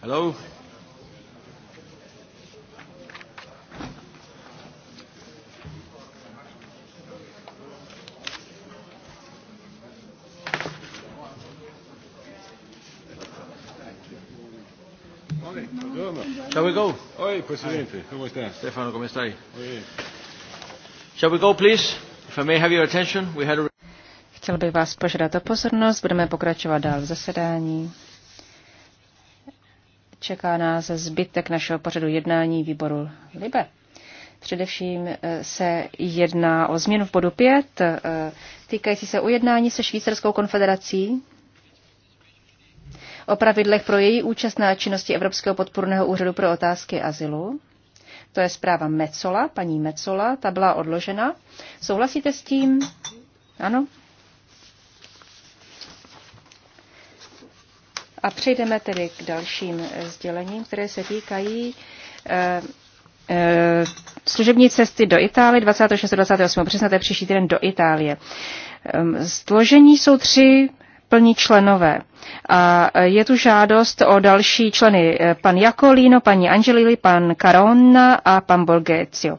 Hello? Shall we go? Oi, Presidente, come sta? Stefano, come stai? Oi. Shall we go, please? If I may have your attention, we had a... Chtěl bych vás požádat o pozornost, budeme pokračovat dál v zasedání. Čeká nás zbytek našeho pořadu jednání výboru Libe. Především eh, se jedná o změnu v bodu 5, eh, týkající se ujednání se Švýcarskou konfederací o pravidlech pro její účast na činnosti Evropského podporného úřadu pro otázky azylu. To je zpráva Mecola, paní Mecola, ta byla odložena. Souhlasíte s tím? Ano? A přejdeme tedy k dalším eh, sdělením, které se týkají eh, eh, služební cesty do Itálie 26. 28. března, to je příští týden do Itálie. Složení ehm, jsou tři plní členové. A je tu žádost o další členy pan Jakolino, paní Angelili, pan Caronna a pan Bolgecio.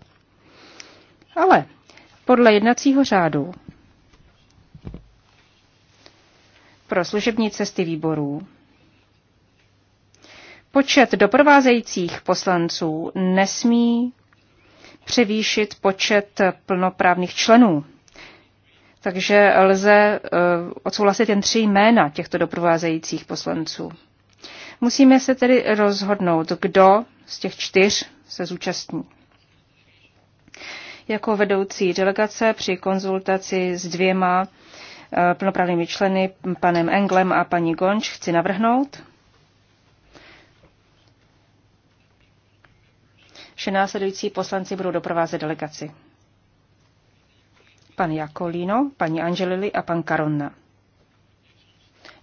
Ale podle jednacího řádu pro služební cesty výborů Počet doprovázejících poslanců nesmí převýšit počet plnoprávných členů. Takže lze e, odsouhlasit jen tři jména těchto doprovázejících poslanců. Musíme se tedy rozhodnout, kdo z těch čtyř se zúčastní. Jako vedoucí delegace při konzultaci s dvěma e, plnoprávnými členy, panem Englem a paní Gonč, chci navrhnout, že následující poslanci budou doprovázet delegaci. Pan Jakolino, paní Angelili a pan Karonna.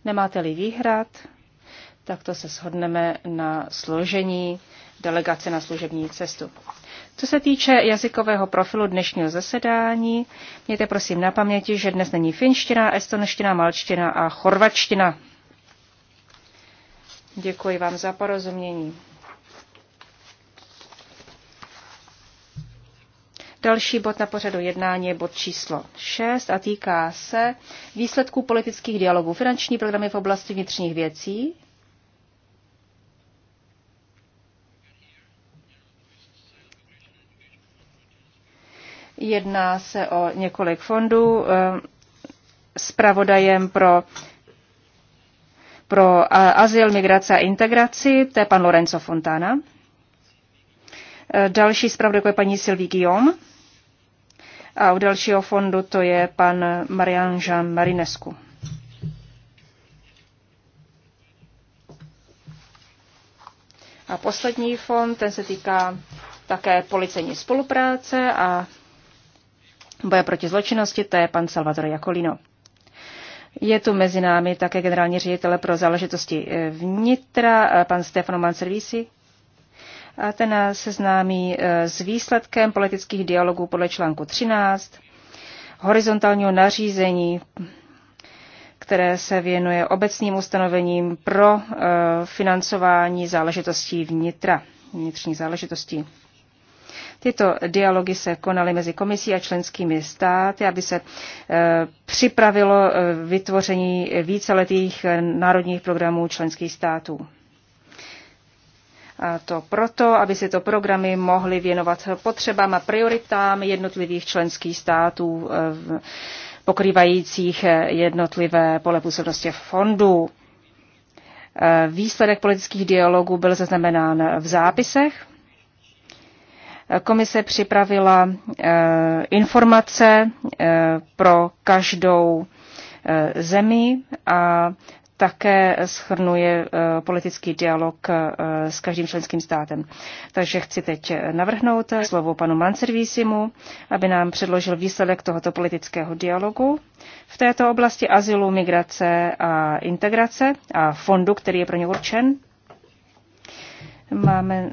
Nemáte-li výhrad, tak to se shodneme na složení delegace na služební cestu. Co se týče jazykového profilu dnešního zasedání, mějte prosím na paměti, že dnes není finština, estonština, malčtina a chorvačtina. Děkuji vám za porozumění. Další bod na pořadu jednání je bod číslo 6 a týká se výsledků politických dialogů, finanční programy v oblasti vnitřních věcí. Jedná se o několik fondů. Spravodajem eh, pro pro eh, azyl, migraci a integraci, to je pan Lorenzo Fontana. Eh, další zpravodajkou je paní Sylvie Guillaume. A u dalšího fondu to je pan Marian Jean Marinescu. A poslední fond, ten se týká také policejní spolupráce a boje proti zločinnosti, to je pan Salvatore Jakolino. Je tu mezi námi také generální ředitel pro záležitosti eh, vnitra, eh, pan Stefano Manservisi a ten nás seznámí e, s výsledkem politických dialogů podle článku 13 horizontálního nařízení, které se věnuje obecným ustanovením pro e, financování záležitostí vnitra, vnitřní záležitostí. Tyto dialogy se konaly mezi komisí a členskými státy, aby se e, připravilo vytvoření víceletých národních programů členských států to proto, aby se to programy mohly věnovat potřebám a prioritám jednotlivých členských států eh, pokrývajících eh, jednotlivé pole působnosti fondů. Eh, výsledek politických dialogů byl zaznamenán v zápisech. Komise připravila informace pro každou zemi a také schrnuje eh, politický dialog eh, s každým členským státem. Takže chci teď navrhnout slovo panu Manservisimu, aby nám předložil výsledek tohoto politického dialogu v této oblasti azylu, migrace a integrace a fondu, který je pro ně určen. Máme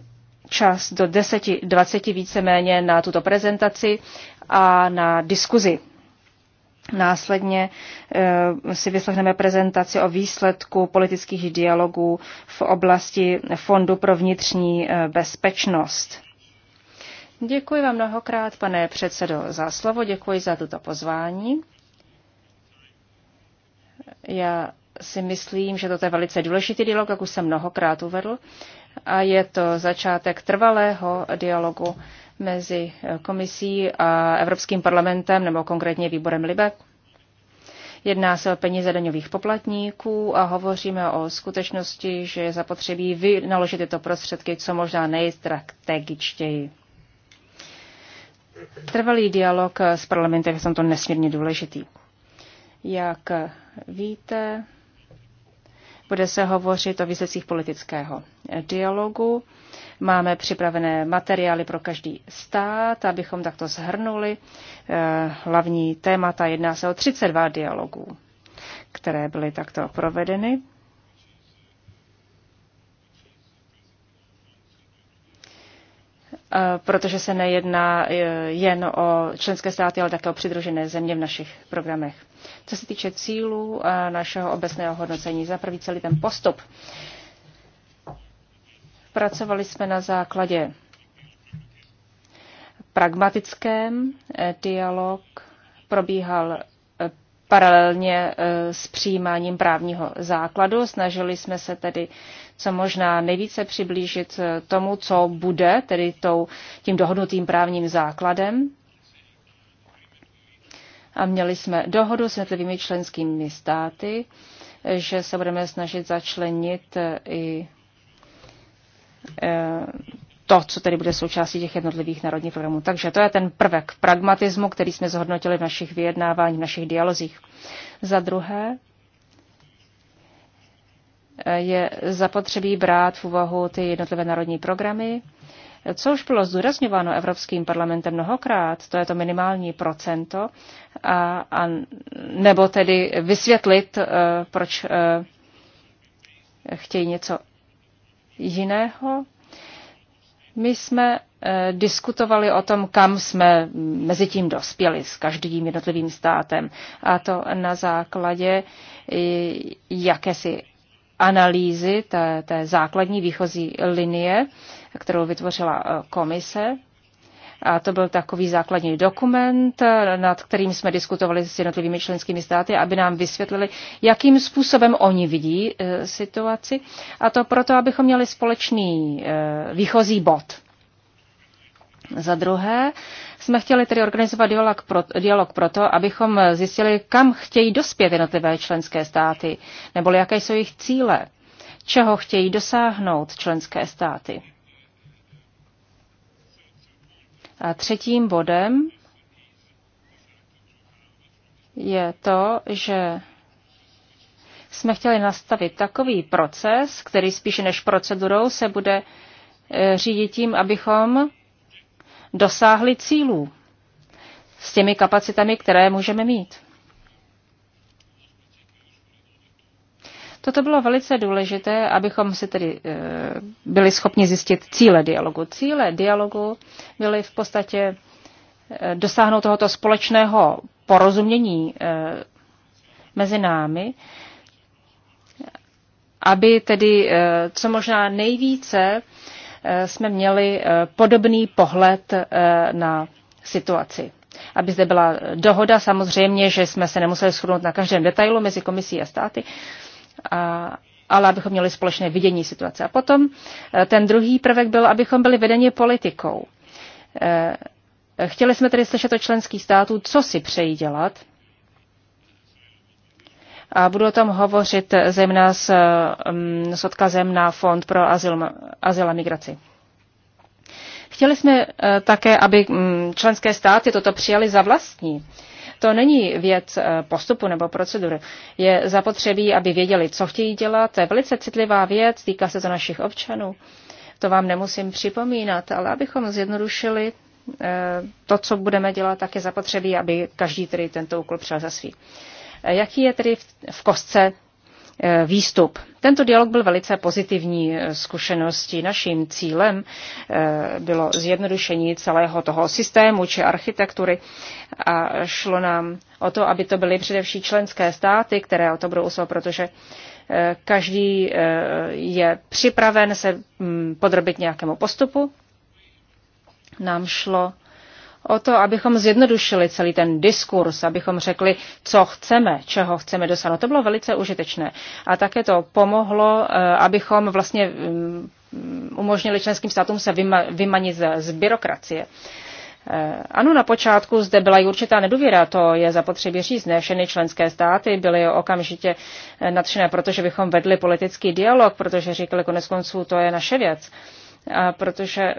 čas do 10.20 víceméně na tuto prezentaci a na diskuzi Následně eh, si vyslechneme prezentaci o výsledku politických dialogů v oblasti Fondu pro vnitřní eh, bezpečnost. Děkuji vám mnohokrát, pane předsedo, za slovo, děkuji za tuto pozvání. Já si myslím, že toto je velice důležitý dialog, jak už jsem mnohokrát uvedl, a je to začátek trvalého dialogu mezi komisí a Evropským parlamentem nebo konkrétně výborem LIBE. Jedná se o peníze daňových poplatníků a hovoříme o skutečnosti, že je zapotřebí vynaložit tyto prostředky co možná nejstrategičtěji. Trvalý dialog s parlamentem je to nesmírně důležitý. Jak víte, bude se hovořit o výsledcích politického dialogu Máme připravené materiály pro každý stát, abychom takto zhrnuli eh, hlavní témata. Jedná se o 32 dialogů, které byly takto provedeny. Eh, protože se nejedná eh, jen o členské státy, ale také o přidružené země v našich programech. Co se týče cílů našeho obecného hodnocení, za prvý celý ten postup Pracovali jsme na základě pragmatickém. Eh, dialog probíhal eh, paralelně eh, s přijímáním právního základu. Snažili jsme se tedy co možná nejvíce přiblížit tomu, co bude, tedy tou, tím dohodnutým právním základem. A měli jsme dohodu s jednotlivými členskými státy, že se budeme snažit začlenit i Eh, to, co tedy bude součástí těch jednotlivých národních programů. Takže to je ten prvek pragmatismu, který jsme zhodnotili v našich vyjednávání, v našich dialozích. Za druhé eh, je zapotřebí brát v úvahu ty jednotlivé národní programy, co už bylo zdůrazňováno Evropským parlamentem mnohokrát, to je to minimální procento, a, a nebo tedy vysvětlit, eh, proč chtějí něco jiného. My jsme eh, diskutovali o tom, kam jsme mezi tím dospěli s každým jednotlivým státem. A to na základě eh, jakési analýzy té, té základní výchozí linie, kterou vytvořila eh, komise a to byl takový základní dokument, nad kterým jsme diskutovali s jednotlivými členskými státy, aby nám vysvětlili, jakým způsobem oni vidí e, situaci. A to proto, abychom měli společný e, výchozí bod. Za druhé, jsme chtěli tedy organizovat dialog, pro, dialog proto, abychom zjistili, kam chtějí dospět jednotlivé členské státy, nebo jaké jsou jejich cíle, čeho chtějí dosáhnout členské státy. A třetím bodem je to, že jsme chtěli nastavit takový proces, který spíše než procedurou se bude e, řídit tím, abychom dosáhli cílů s těmi kapacitami, které můžeme mít. Toto bylo velice důležité, abychom si tedy eh, byli schopni zjistit cíle dialogu. Cíle dialogu byly v podstatě eh, dosáhnout tohoto společného porozumění eh, mezi námi, aby tedy co možná nejvíce jsme měli podobný pohled na situaci. Aby zde byla dohoda, samozřejmě, že jsme se nemuseli shodnout na každém detailu mezi komisí a státy, a, ale abychom měli společné vidění situace. A potom e, ten druhý prvek byl, abychom byli vedeni politikou. E, chtěli jsme tedy slyšet od členských států, co si přejí dělat. A budu o tom hovořit zejména s, mm, s odkazem na Fond pro azyl, azyl a migraci. Chtěli jsme e, také, aby mm, členské státy toto přijali za vlastní. To není věc eh, postupu nebo procedury. Je zapotřebí, aby věděli, co chtějí dělat. To je velice citlivá věc, týká se to našich občanů. To vám nemusím připomínat, ale abychom zjednodušili eh, to, co budeme dělat, tak je zapotřebí, aby každý tedy tento úkol přijal za svý. Eh, jaký je tedy v kostce Eh, výstup. Tento dialog byl velice pozitivní eh, zkušeností. Naším cílem eh, bylo zjednodušení celého toho systému či architektury a šlo nám o to, aby to byly především členské státy, které o to budou usilovat, protože každý je připraven se mm, podrobit nějakému postupu. Nám šlo o to, abychom zjednodušili celý ten diskurs, abychom řekli, co chceme, čeho chceme dosáhnout. To bylo velice užitečné. A také to pomohlo, eh, abychom vlastně mm, umožnili členským státům se vymanit z byrokracie. Eh, ano, na počátku zde byla i určitá nedůvěra, to je zapotřebí říct. Ne všechny členské státy byly okamžitě eh, nadšené, protože bychom vedli politický dialog, protože říkali konec konců, to je naše věc. A protože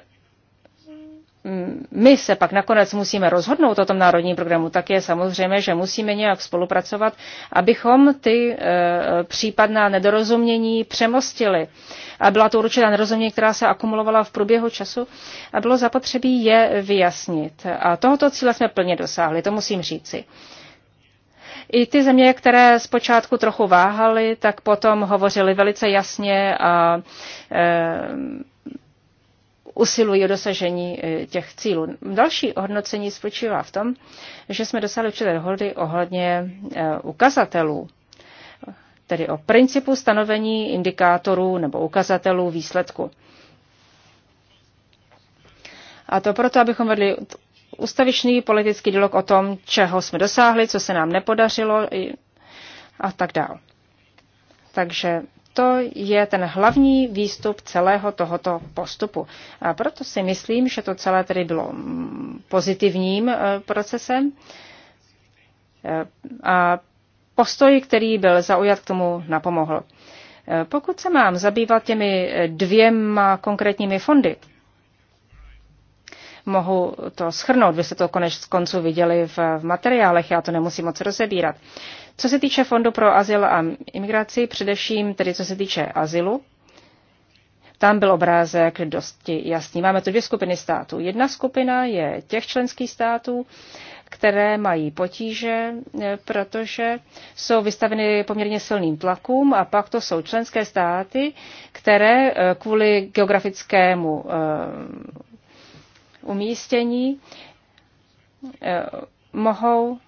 Mm, my se pak nakonec musíme rozhodnout o tom národním programu, tak je samozřejmě, že musíme nějak spolupracovat, abychom ty eh, případná nedorozumění přemostili. A byla to určitá nedorozumění, která se akumulovala v průběhu času a bylo zapotřebí je vyjasnit. A tohoto cíle jsme plně dosáhli, to musím říci. I ty země, které zpočátku trochu váhaly, tak potom hovořily velice jasně a e, usilují o dosažení e, těch cílů. Další hodnocení spočívá v tom, že jsme dosáhli určité dohody ohledně e, ukazatelů, tedy o principu stanovení indikátorů nebo ukazatelů výsledku. A to proto, abychom vedli ustavičný politický dialog o tom, čeho jsme dosáhli, co se nám nepodařilo a tak dál. Takže to je ten hlavní výstup celého tohoto postupu. A proto si myslím, že to celé tedy bylo mm, pozitivním e, procesem. E, a postoj, který byl zaujat, k tomu napomohl. E, pokud se mám zabývat těmi dvěma konkrétními fondy, mohu to schrnout, vy jste to konec konců viděli v, v materiálech, já to nemusím moc rozebírat. Co se týče Fondu pro azyl a imigraci, především tedy co se týče azylu, tam byl obrázek dosti jasný. Máme tu dvě skupiny států. Jedna skupina je těch členských států, které mají potíže, e, protože jsou vystaveny poměrně silným tlakům a pak to jsou členské státy, které e, kvůli geografickému e, umístění mohou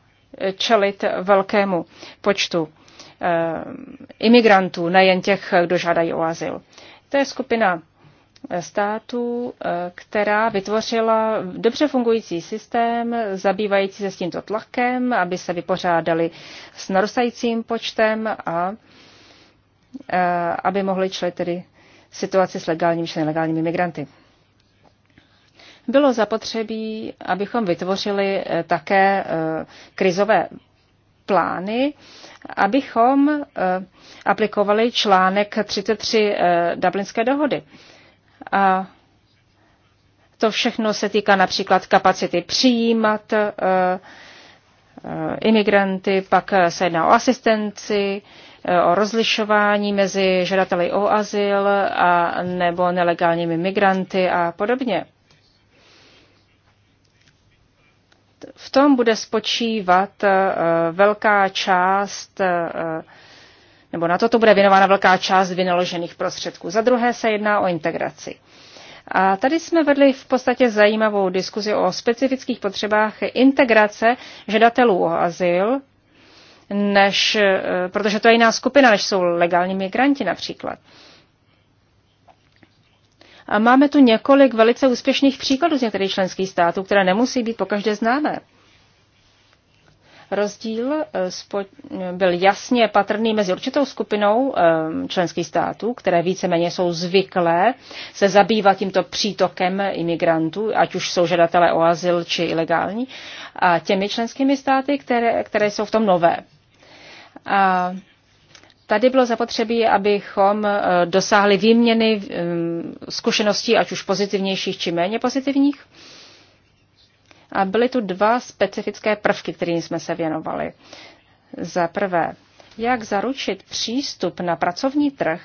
čelit velkému počtu eh, imigrantů, nejen těch, kdo žádají o azyl. To je skupina eh, států, eh, která vytvořila dobře fungující systém, zabývající se s tímto tlakem, aby se vypořádali s narostajícím počtem a aby mohli čelit tedy situaci s legálními či nelegálními migranty bylo zapotřebí, abychom vytvořili eh, také eh, krizové plány, abychom eh, aplikovali článek 33 Dublinské dohody. A to všechno se týká například kapacity přijímat imigranty, pak se jedná o asistenci, o rozlišování mezi žadateli o azyl a nebo nelegálními migranty a podobně. v tom bude spočívat eh, velká část, eh, nebo na toto bude věnována velká část vynaložených prostředků. Za druhé se jedná o integraci. A tady jsme vedli v podstatě zajímavou diskuzi o specifických potřebách integrace žadatelů o azyl, než, eh, protože to je jiná skupina, než jsou legální migranti například. A máme tu několik velice úspěšných příkladů z některých členských států, které nemusí být pokaždé známé. Rozdíl eh, byl jasně patrný mezi určitou skupinou eh, členských států, které víceméně jsou zvyklé se zabývat tímto přítokem imigrantů, ať už jsou žadatelé o azyl či ilegální, a těmi členskými státy, které, které jsou v tom nové. A Tady bylo zapotřebí, abychom e, dosáhli výměny e, zkušeností, ať už pozitivnějších či méně pozitivních. A byly tu dva specifické prvky, kterým jsme se věnovali. Za prvé, jak zaručit přístup na pracovní trh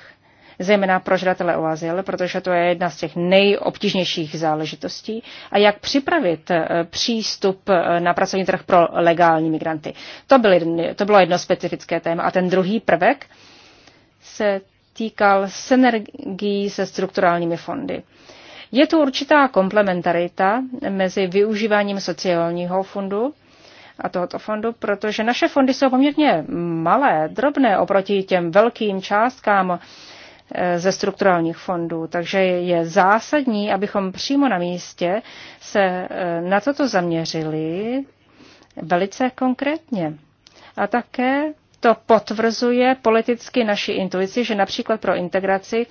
zejména pro žadatele o azyl, protože to je jedna z těch nejobtížnějších záležitostí, a jak připravit eh, přístup eh, na pracovní trh pro legální migranty. To, byl, to bylo jedno specifické téma. A ten druhý prvek se týkal synergií se strukturálními fondy. Je tu určitá komplementarita mezi využíváním sociálního fondu a tohoto fondu, protože naše fondy jsou poměrně malé, drobné oproti těm velkým částkám, Eh, ze strukturálních fondů. Takže je zásadní, abychom přímo na místě se eh, na toto zaměřili velice konkrétně. A také to potvrzuje politicky naši intuici, že například pro integraci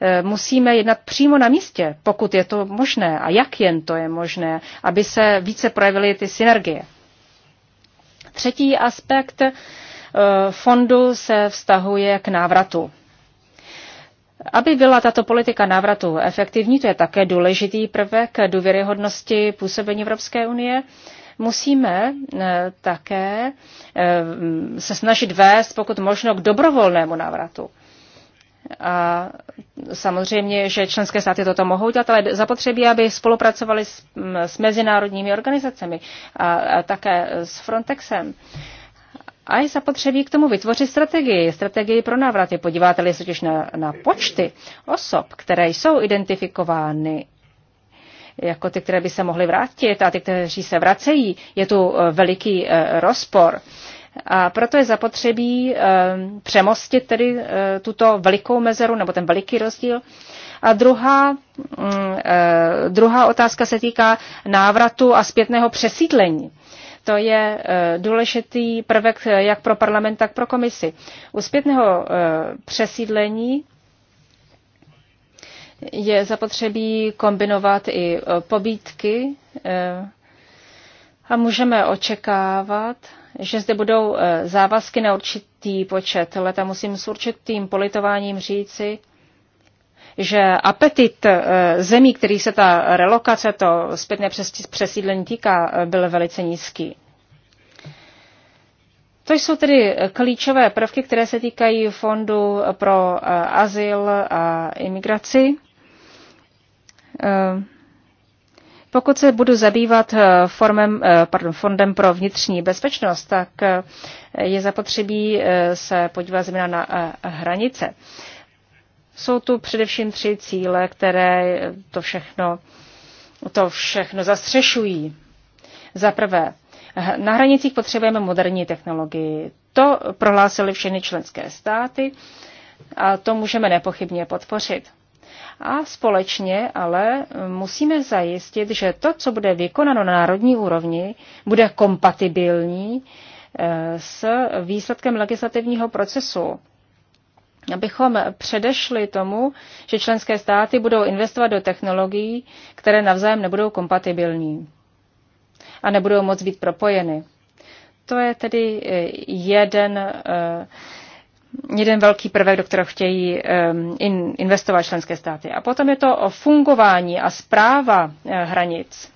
eh, musíme jednat přímo na místě, pokud je to možné a jak jen to je možné, aby se více projevily ty synergie. Třetí aspekt fondu se vztahuje k návratu. Aby byla tato politika návratu efektivní, to je také důležitý prvek důvěryhodnosti působení Evropské unie, musíme eh, také eh, se snažit vést pokud možno k dobrovolnému návratu. A samozřejmě, že členské státy toto mohou dělat, ale zapotřebí, aby spolupracovali s, mm, s mezinárodními organizacemi a, a také s Frontexem a je zapotřebí k tomu vytvořit strategii, strategii pro návraty. Podíváte-li se na, na počty osob, které jsou identifikovány jako ty, které by se mohly vrátit a ty, kteří se vracejí, je tu eh, veliký eh, rozpor. A proto je zapotřebí eh, přemostit tedy tuto velikou mezeru nebo ten veliký rozdíl. A druhá, mm, druhá otázka se týká návratu a zpětného přesídlení. To je eh, důležitý prvek eh, jak pro parlament, tak pro komisi. U zpětného eh, přesídlení je zapotřebí kombinovat i pobítky a můžeme očekávat, že zde budou závazky na určitý počet let a musím s určitým politováním říci, že apetit eh, zemí, který se ta relokace, to zpětné přesídlení týká, eh, byl velice nízký. To jsou tedy klíčové prvky, které se týkají Fondu pro eh, azyl a imigraci. Pokud se budu zabývat formem, pardon, fondem pro vnitřní bezpečnost, tak je zapotřebí se podívat zejména na hranice. Jsou tu především tři cíle, které to všechno, to všechno zastřešují. Za prvé, na hranicích potřebujeme moderní technologii. To prohlásili všechny členské státy a to můžeme nepochybně podpořit. A společně ale musíme zajistit, že to, co bude vykonáno na národní úrovni, bude kompatibilní eh, s výsledkem legislativního procesu abychom předešli tomu, že členské státy budou investovat do technologií, které navzájem nebudou kompatibilní a nebudou moc být propojeny. To je tedy eh, jeden, eh, jeden velký prvek, do kterého chtějí eh, investovat členské státy. A potom je to o fungování a zpráva hranic.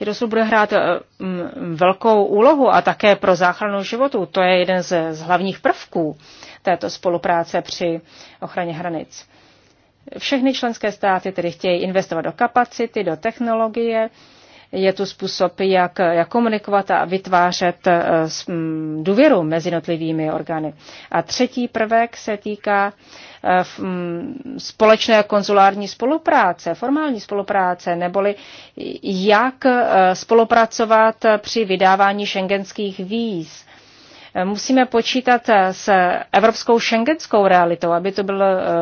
Jirosu bude hrát eh, velkou úlohu a také pro záchranu životu, To je jeden z, z hlavních prvků této spolupráce při ochraně hranic. Všechny členské státy tedy chtějí investovat do kapacity, do technologie, je to způsob, jak, jak komunikovat a vytvářet eh, mm, důvěru mezi jednotlivými orgány. A třetí prvek se týká eh, mm, společné konzulární spolupráce, formální spolupráce, neboli jak eh, spolupracovat při vydávání šengenských víz musíme počítat s evropskou šengenskou realitou, aby to bylo.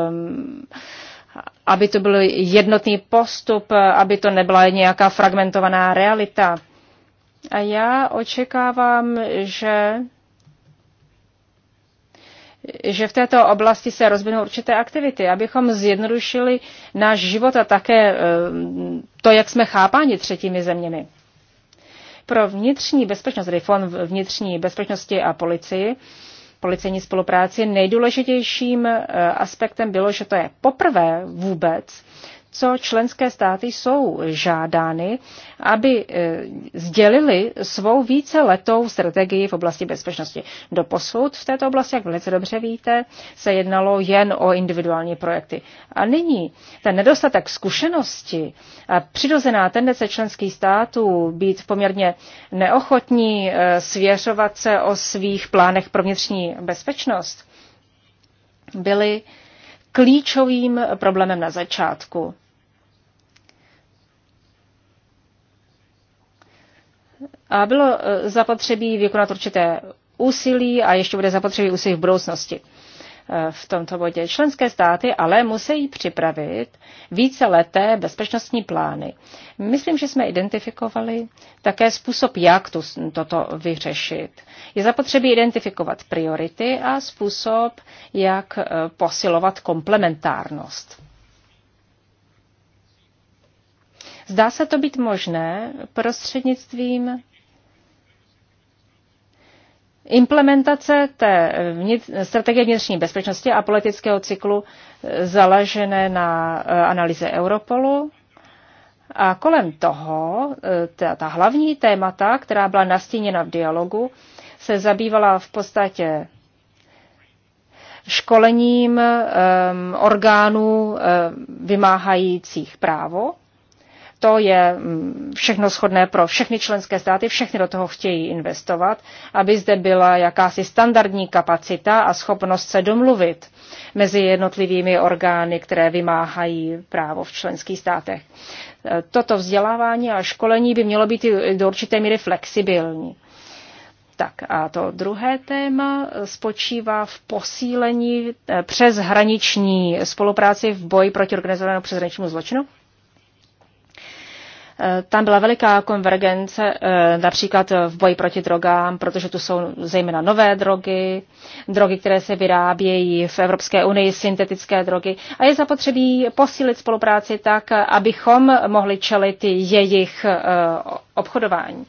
um, ehm, aby to byl jednotný postup, aby to nebyla nějaká fragmentovaná realita. A já očekávám, že že v této oblasti se rozvinou určité aktivity, abychom zjednodušili náš život a také eh, to, jak jsme chápáni třetími zeměmi. Pro vnitřní bezpečnost, tedy fond vnitřní bezpečnosti a policii, policejní spolupráci. Nejdůležitějším eh, aspektem bylo, že to je poprvé vůbec, co členské státy jsou žádány, aby e, sdělili svou víceletou strategii v oblasti bezpečnosti. Do posud v této oblasti, jak velice dobře víte, se jednalo jen o individuální projekty. A nyní ten nedostatek zkušenosti a přirozená tendence členských států být poměrně neochotní e, svěřovat se o svých plánech pro vnitřní bezpečnost, byly klíčovým problémem na začátku. a bylo e, zapotřebí vykonat určité úsilí a ještě bude zapotřebí úsilí v budoucnosti e, v tomto bodě. Členské státy ale musí připravit více leté bezpečnostní plány. Myslím, že jsme identifikovali také způsob, jak tu, toto vyřešit. Je zapotřebí identifikovat priority a způsob, jak e, posilovat komplementárnost. Zdá se to být možné prostřednictvím Implementace té strategie vnitřní bezpečnosti a politického cyklu eh, založené na eh, analýze Europolu. A kolem toho, eh, ta, ta hlavní témata, která byla nastíněna v dialogu, se zabývala v podstatě školením um, orgánů um, vymáhajících právo to je mm, všechno schodné pro všechny členské státy, všechny do toho chtějí investovat, aby zde byla jakási standardní kapacita a schopnost se domluvit mezi jednotlivými orgány, které vymáhají právo v členských státech. Toto vzdělávání a školení by mělo být do určité míry flexibilní. Tak a to druhé téma spočívá v posílení eh, přeshraniční spolupráci v boji proti organizovanému přeshraničnímu zločinu. Eh, tam byla veliká konvergence eh, například v boji proti drogám, protože tu jsou zejména nové drogy, drogy, které se vyrábějí v Evropské unii, syntetické drogy. A je zapotřebí posílit spolupráci tak, abychom mohli čelit jejich eh, obchodování.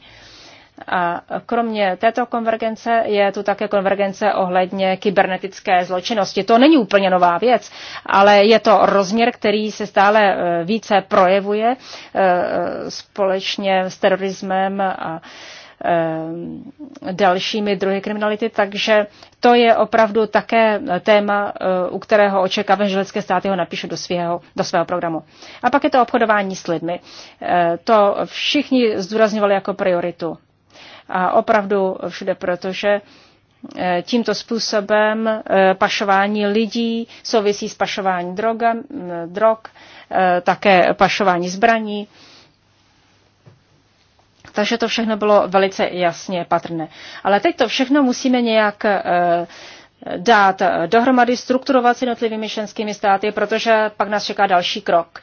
A kromě této konvergence je tu také konvergence ohledně kybernetické zločinnosti. To není úplně nová věc, ale je to rozměr, který se stále eh, více projevuje eh, společně s terorismem a eh, dalšími druhy kriminality, takže to je opravdu také téma, u kterého očekávám, že lidské státy ho napíšu do svého, do svého programu. A pak je to obchodování s lidmi. To všichni zdůrazňovali jako prioritu a opravdu všude, protože eh, tímto způsobem eh, pašování lidí souvisí s pašováním droga, drog, eh, také pašování zbraní. Takže to všechno bylo velice jasně patrné. Ale teď to všechno musíme nějak dát dohromady, strukturovat s jednotlivými členskými státy, protože pak nás čeká další krok.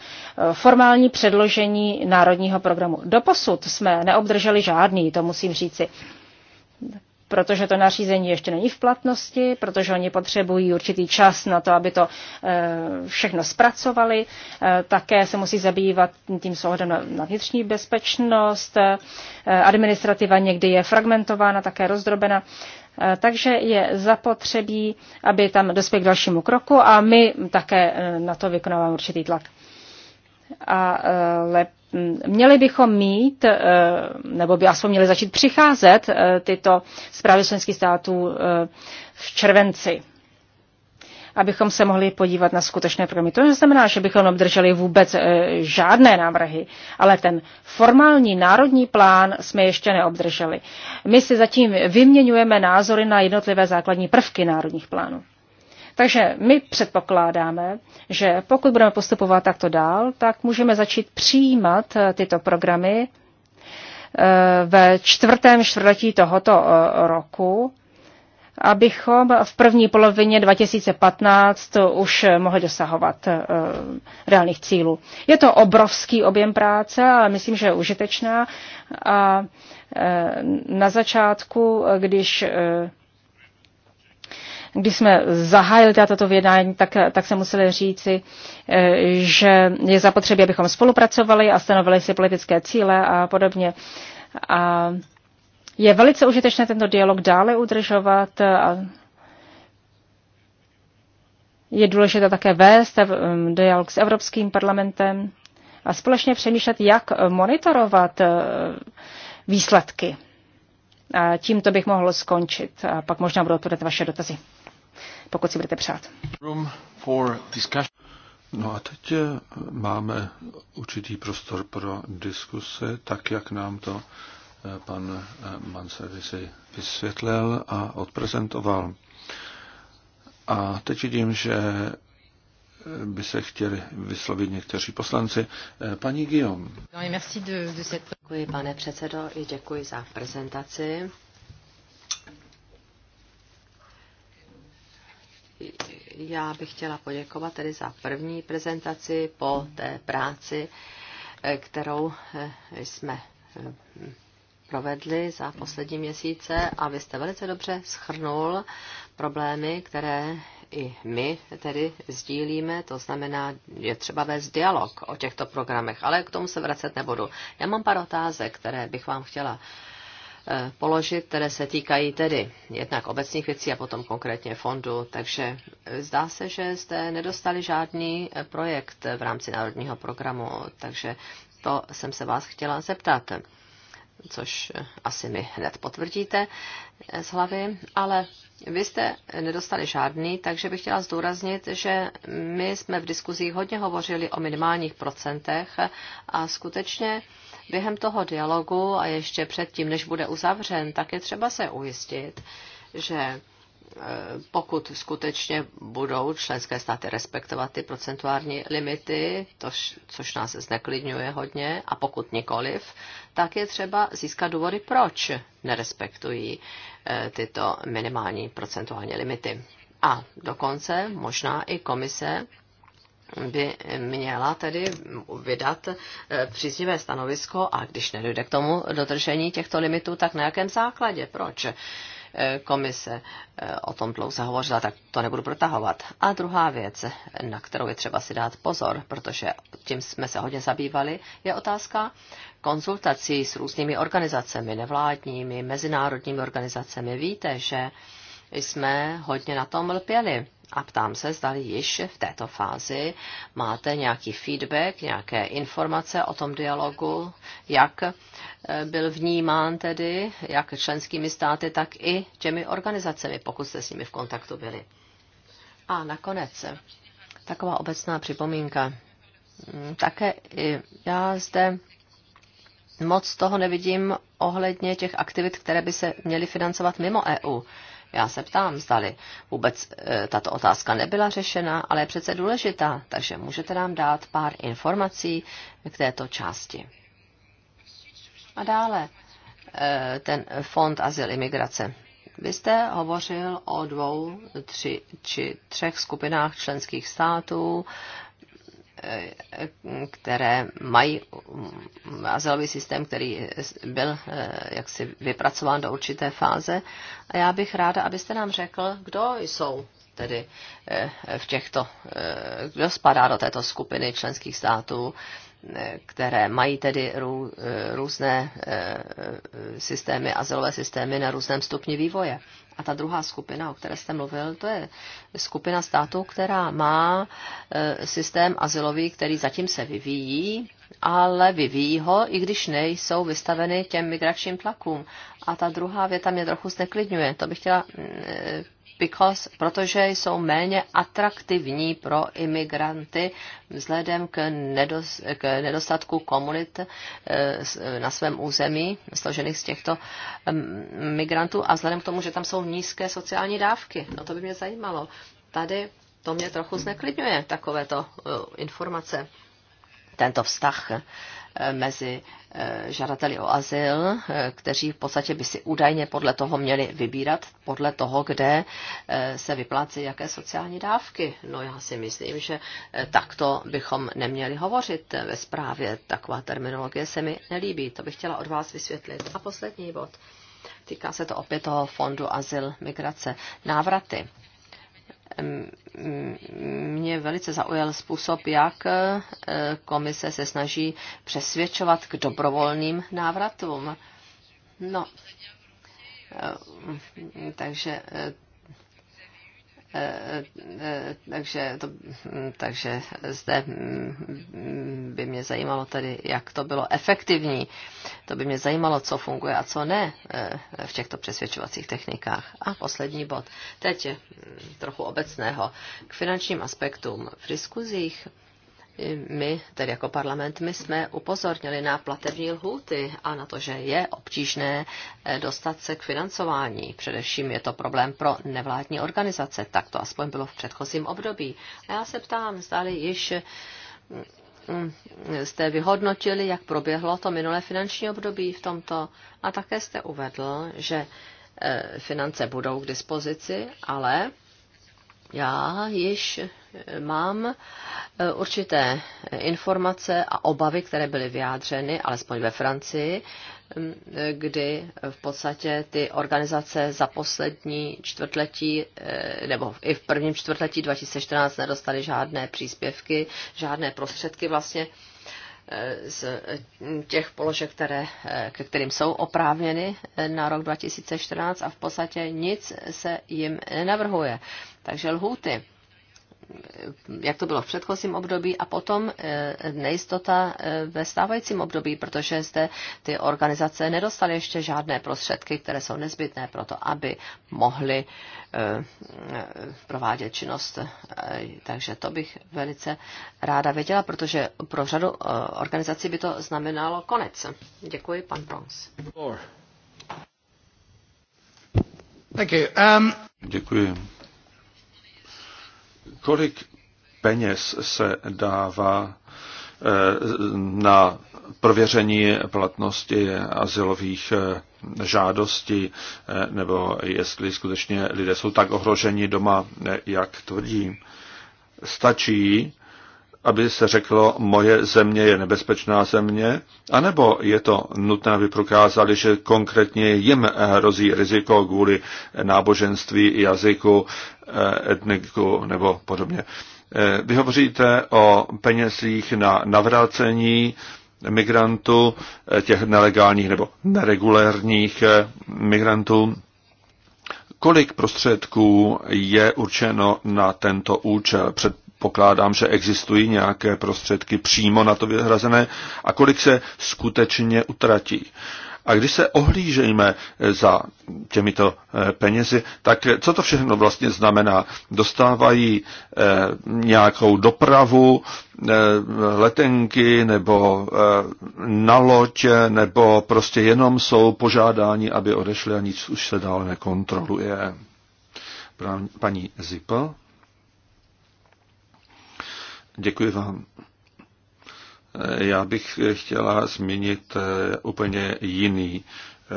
Formální předložení národního programu. Doposud jsme neobdrželi žádný, to musím říci protože to nařízení ještě není v platnosti, protože oni potřebují určitý čas na to, aby to eh, všechno zpracovali. Eh, také se musí zabývat tím souhledem na vnitřní bezpečnost. Eh, administrativa někdy je fragmentována, také rozdrobena. Eh, takže je zapotřebí, aby tam dospěl k dalšímu kroku a my také eh, na to vykonáváme určitý tlak. A eh, le, hm, měli bychom mít, nebo by aspoň měly začít přicházet tyto zprávy členských států v červenci abychom se mohli podívat na skutečné programy. To neznamená, že bychom obdrželi vůbec eh, žádné návrhy, ale ten formální národní plán jsme ještě neobdrželi. My si zatím vyměňujeme názory na jednotlivé základní prvky národních plánů. Takže my předpokládáme, že pokud budeme postupovat takto dál, tak můžeme začít přijímat eh, tyto programy eh, ve čtvrtém čtvrtletí tohoto roku abychom v první polovině 2015 už mohli dosahovat eh, reálných cílů. Je to obrovský objem práce, ale myslím, že je užitečná. A eh, na začátku, když eh, když jsme zahájili tato vyjednání, tak, tak se museli říci, že je zapotřebí, abychom spolupracovali a stanovili si politické cíle a podobně. A je velice užitečné tento dialog dále udržovat a je důležité také vést dialog s Evropským parlamentem a společně přemýšlet, jak monitorovat eh, výsledky. A tímto bych mohl skončit a pak možná budou odpovědět vaše dotazy, pokud si budete přát. No a teď eh, máme určitý prostor pro diskuse, tak jak nám to pan eh, Manser si vysvětlil a odprezentoval. A teď vidím, že by se chtěli vyslovit někteří poslanci. Eh, paní Guillaume. Děkuji, pane předsedo, i děkuji za prezentaci. Já bych chtěla poděkovat tedy za první prezentaci po té práci, eh, kterou jsme provedli za poslední měsíce a vy jste velice dobře schrnul problémy, které i my tedy sdílíme, to znamená, je třeba vést dialog o těchto programech, ale k tomu se vracet nebudu. Já mám pár otázek, které bych vám chtěla eh, položit, které se týkají tedy jednak obecných věcí a potom konkrétně fondu. Takže eh, zdá se, že jste nedostali žádný eh, projekt v rámci národního programu, takže to jsem se vás chtěla zeptat což asi mi hned potvrdíte z hlavy, ale vy jste nedostali žádný, takže bych chtěla zdůraznit, že my jsme v diskuzích hodně hovořili o minimálních procentech a skutečně během toho dialogu a ještě předtím, než bude uzavřen, tak je třeba se ujistit, že Eh, pokud skutečně budou členské státy respektovat ty procentuální limity, tož, což nás zneklidňuje hodně, a pokud nikoliv, tak je třeba získat důvody, proč nerespektují eh, tyto minimální procentuální limity. A dokonce možná i komise by měla tedy vydat eh, příznivé stanovisko a když nedojde k tomu dodržení těchto limitů, tak na jakém základě? Proč? komise eh, o tom dlouze hovořila, tak to nebudu protahovat. A druhá věc, na kterou je třeba si dát pozor, protože tím jsme se hodně zabývali, je otázka konzultací s různými organizacemi, nevládními, mezinárodními organizacemi. Víte, že jsme hodně na tom lpěli a ptám se, zda již v této fázi máte nějaký feedback, nějaké informace o tom dialogu, jak e, byl vnímán tedy, jak členskými státy, tak i těmi organizacemi, pokud jste s nimi v kontaktu byli. A nakonec taková obecná připomínka. Mm, také já zde moc toho nevidím ohledně těch aktivit, které by se měly financovat mimo EU. Já se ptám, zdali vůbec eh, tato otázka nebyla řešena, ale je přece důležitá, takže můžete nám dát pár informací k této části. A dále eh, ten fond azyl imigrace. Vy jste hovořil o dvou, tři či třech skupinách členských států, které mají azylový systém, který byl eh, jaksi vypracován do určité fáze. A já bych ráda, abyste nám řekl, kdo jsou tedy eh, v těchto, eh, kdo spadá do této skupiny členských států, které mají tedy rů, různé systémy, azylové systémy na různém stupni vývoje. A ta druhá skupina, o které jste mluvil, to je skupina států, která má e, systém asilový, který zatím se vyvíjí, ale vyvíjí ho, i když nejsou vystaveny těm migračním tlakům. A ta druhá věta mě trochu zneklidňuje. To bych chtěla mm, e, because, protože jsou méně atraktivní pro imigranty vzhledem k, nedos, k nedostatku komunit eh, eh, na svém území složených z těchto migrantů a vzhledem k tomu, že tam jsou nízké sociální dávky. No to by mě zajímalo. Tady to mě trochu zneklidňuje, takovéto eh, informace, tento vztah mezi eh, žadateli o azyl, eh, kteří v podstatě by si údajně podle toho měli vybírat, podle toho, kde eh, se vyplácí jaké sociální dávky. No já si myslím, že takto bychom neměli hovořit ve zprávě. Taková terminologie se mi nelíbí. To bych chtěla od vás vysvětlit. A poslední bod. Týká se to opět toho fondu azyl, migrace, návraty mě velice zaujal způsob, jak e, komise se snaží přesvědčovat k dobrovolným návratům. No, e, takže e, takže, to, takže zde by mě zajímalo tedy, jak to bylo efektivní. To by mě zajímalo, co funguje a co ne eh, v těchto přesvědčovacích technikách. A poslední bod. Teď mm, trochu obecného. K finančním aspektům. V diskuzích my, tedy jako parlament, my jsme upozornili na platební lhůty a na to, že je obtížné eh, dostat se k financování. Především je to problém pro nevládní organizace, tak to aspoň bylo v předchozím období. A já se ptám, zdali již mm, mm, jste vyhodnotili, jak proběhlo to minulé finanční období v tomto a také jste uvedl, že eh, finance budou k dispozici, ale já již eh, mám eh, určité eh, informace a obavy, které byly vyjádřeny, alespoň ve Francii, mm, kdy v podstatě ty organizace za poslední čtvrtletí, nebo i v prvním čtvrtletí 2014 nedostaly žádné příspěvky, žádné prostředky vlastně z těch položek, které, ke kterým jsou oprávněny na rok 2014 a v podstatě nic se jim nenavrhuje. Takže lhůty jak to bylo v předchozím období, a potom eh, nejistota eh, ve stávajícím období, protože zde ty organizace nedostaly ještě žádné prostředky, které jsou nezbytné pro to, aby mohly eh, provádět činnost. Takže to bych velice ráda věděla, protože pro řadu organizací by to znamenalo konec. Děkuji, pan Bronx. Děkuji. Um... Děkuji kolik peněz se dává eh, na prověření platnosti asilových eh, žádostí, eh, nebo jestli skutečně lidé jsou tak ohroženi doma, jak tvrdí. Stačí, aby se řeklo, moje země je nebezpečná země, anebo je to nutné, aby prokázali, že konkrétně jim hrozí riziko kvůli náboženství, jazyku, etniku nebo podobně. Vy hovoříte o penězích na navrácení migrantů, těch nelegálních nebo neregulérních migrantů. Kolik prostředků je určeno na tento účel? Před předpokládám, že existují nějaké prostředky přímo na to vyhrazené a kolik se skutečně utratí. A když se ohlížejme za těmito eh, penězi, tak co to všechno vlastně znamená? Dostávají eh, nějakou dopravu, eh, letenky nebo na loď, nebo prostě jenom jsou požádáni, aby odešli a nic už se dál nekontroluje. Paní Zipl. Děkuji vám. Já bych chtěla zmínit eh, úplně jiný eh,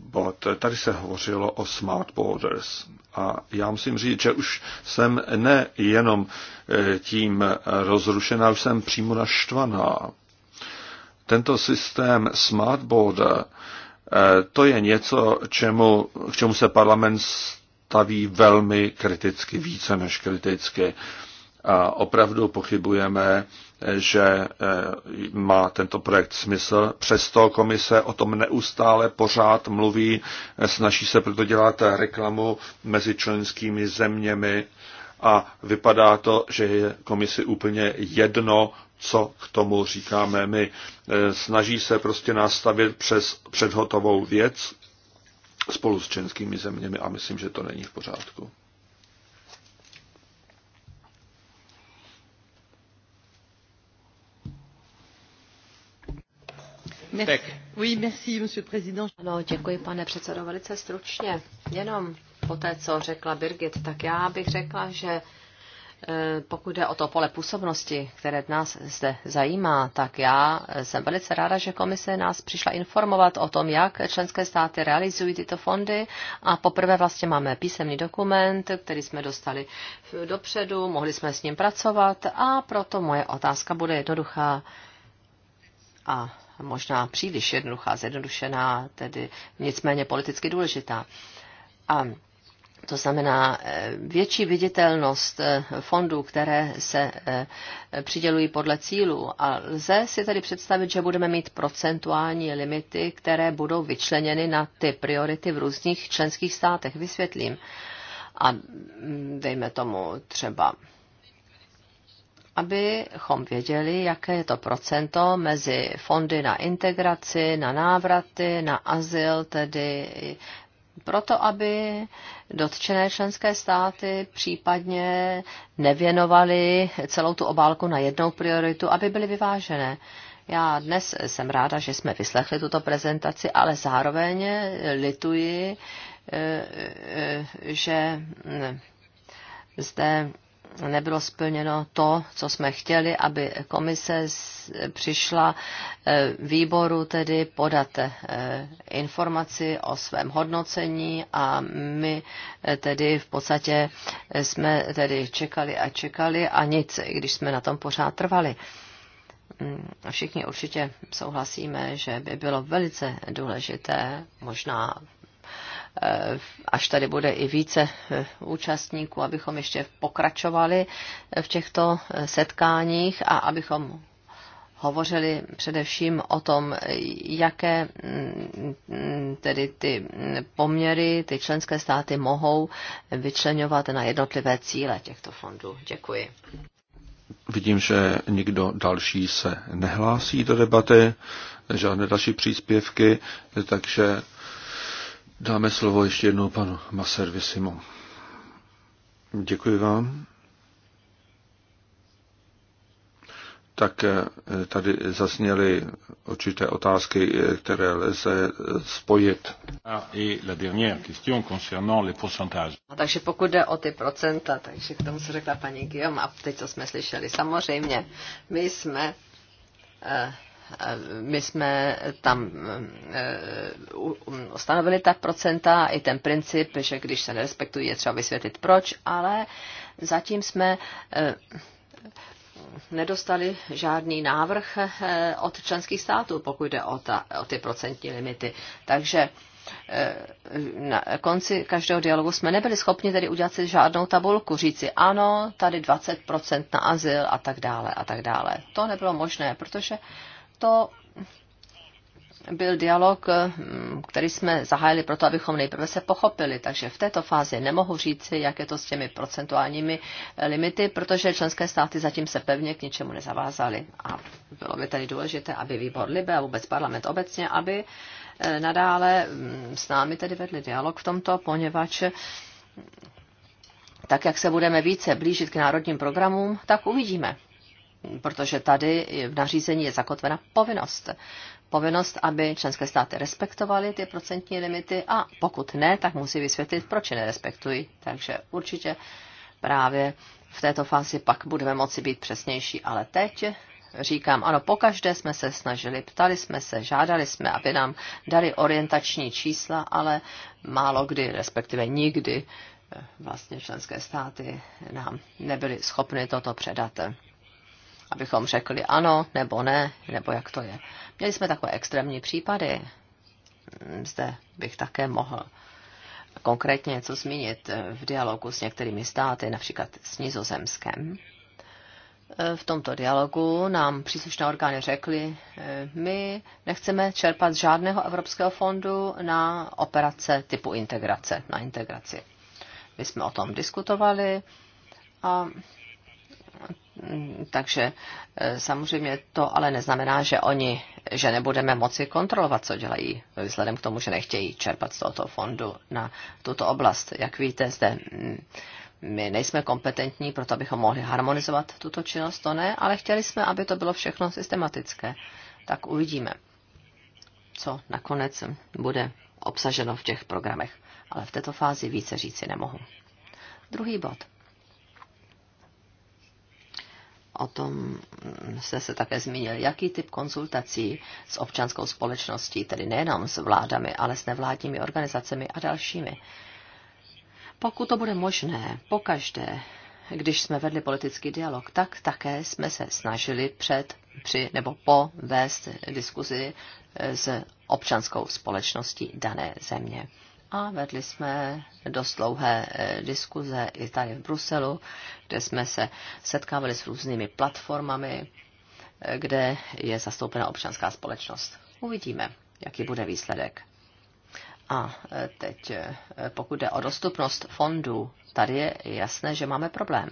bod. Tady se hovořilo o smart borders. A já musím říct, že už jsem nejenom eh, tím rozrušená, už jsem přímo naštvaná. Tento systém smart border, to je něco, čemu, k čemu se parlament staví velmi kriticky, více než kriticky a opravdu pochybujeme, že eh, má tento projekt smysl. Přesto komise o tom neustále pořád mluví, eh, snaží se proto dělat reklamu mezi členskými zeměmi a vypadá to, že je komisi úplně jedno, co k tomu říkáme my. Eh, snaží se prostě nastavit přes předhotovou věc spolu s členskými zeměmi a myslím, že to není v pořádku. děkuji, pane předsedo, velice stručně. Jenom po té, co řekla Birgit, tak já bych řekla, že eh, pokud jde o to pole působnosti, které nás zde zajímá, tak já jsem velice ráda, že komise nás přišla informovat o tom, jak členské státy realizují tyto fondy a poprvé vlastně máme písemný dokument, který jsme dostali dopředu, mohli jsme s ním pracovat a proto moje otázka bude jednoduchá a možná příliš jednoduchá, zjednodušená, tedy nicméně politicky důležitá. A to znamená eh, větší viditelnost eh, fondů, které se eh, přidělují podle cílů. A lze si tedy představit, že budeme mít procentuální limity, které budou vyčleněny na ty priority v různých členských státech. Vysvětlím. A mm, dejme tomu třeba abychom věděli, jaké je to procento mezi fondy na integraci, na návraty, na azyl, tedy proto, aby dotčené členské státy případně nevěnovaly celou tu obálku na jednou prioritu, aby byly vyvážené. Já dnes jsem ráda, že jsme vyslechli tuto prezentaci, ale zároveň lituji, eh, eh, že hm, zde nebylo splněno to, co jsme chtěli, aby komise přišla e, výboru tedy podat e, informaci o svém hodnocení a my e, tedy v podstatě jsme tedy čekali a čekali a nic, i když jsme na tom pořád trvali. Mm, všichni určitě souhlasíme, že by bylo velice důležité, možná Eh, až tady bude i více eh, účastníků, abychom ještě pokračovali eh, v těchto setkáních a abychom hovořili především o tom, jaké mm, tedy ty mm, poměry ty členské státy mohou vyčlenovat na jednotlivé cíle těchto fondů. Děkuji. Vidím, že nikdo další se nehlásí do debaty, žádné další příspěvky, takže Dáme slovo ještě jednou panu Maservisimu. Děkuji vám. tak eh, tady zasněly určité otázky, eh, které lze spojit. A ah, i la dernière question concernant les pourcentages. No, takže pokud jde o ty procenta, takže k tomu, se řekla paní Guillaume, a teď, co jsme slyšeli, samozřejmě, my jsme eh, my jsme tam eh, stanovili ta procenta i ten princip, že když se nerespektují, je třeba vysvětlit proč, ale zatím jsme eh, nedostali žádný návrh eh, od členských států, pokud jde o, ta, o ty procentní limity. Takže na konci každého dialogu jsme nebyli schopni tedy udělat si žádnou tabulku, říci ano, tady 20% na azyl a tak dále a tak dále. To nebylo možné, protože uh, to byl dialog, který jsme zahájili proto, abychom nejprve se pochopili. Takže v této fázi nemohu říci, jak je to s těmi procentuálními limity, protože členské státy zatím se pevně k ničemu nezavázaly. A bylo by tady důležité, aby výbor Libe a vůbec parlament obecně, aby eh, nadále mm, s námi tedy vedli dialog v tomto, poněvadž tak, jak se budeme více blížit k národním programům, tak uvidíme, protože tady v nařízení je zakotvena povinnost. Povinnost, aby členské státy respektovaly ty procentní limity a pokud ne, tak musí vysvětlit, proč je nerespektují. Takže určitě právě v této fázi pak budeme moci být přesnější, ale teď říkám, ano, pokaždé jsme se snažili, ptali jsme se, žádali jsme, aby nám dali orientační čísla, ale málo kdy, respektive nikdy, eh, vlastně členské státy nám nebyly schopny toto předat abychom řekli ano nebo ne, nebo jak to je. Měli jsme takové extrémní případy. Zde bych také mohl konkrétně něco zmínit v dialogu s některými státy, například s Nizozemskem. V tomto dialogu nám příslušné orgány řekly, my nechceme čerpat žádného evropského fondu na operace typu integrace, na integraci. My jsme o tom diskutovali a Mm, takže e, samozřejmě to ale neznamená, že oni, že nebudeme moci kontrolovat, co dělají, vzhledem k tomu, že nechtějí čerpat z tohoto fondu na tuto oblast. Jak víte, zde mm, my nejsme kompetentní, proto abychom mohli harmonizovat tuto činnost, to ne, ale chtěli jsme, aby to bylo všechno systematické. Tak uvidíme, co nakonec bude obsaženo v těch programech. Ale v této fázi více říci nemohu. Druhý bod o tom jste se také zmínil, jaký typ konzultací s občanskou společností, tedy nejenom s vládami, ale s nevládními organizacemi a dalšími. Pokud to bude možné, pokaždé, když jsme vedli politický dialog, tak také jsme se snažili před, při nebo po vést diskuzi s občanskou společností dané země a vedli jsme dost dlouhé eh, diskuze i tady v Bruselu, kde jsme se setkávali s různými platformami, eh, kde je zastoupena občanská společnost. Uvidíme, jaký bude výsledek. A eh, teď, pokud jde o dostupnost fondů, tady je jasné, že máme problém.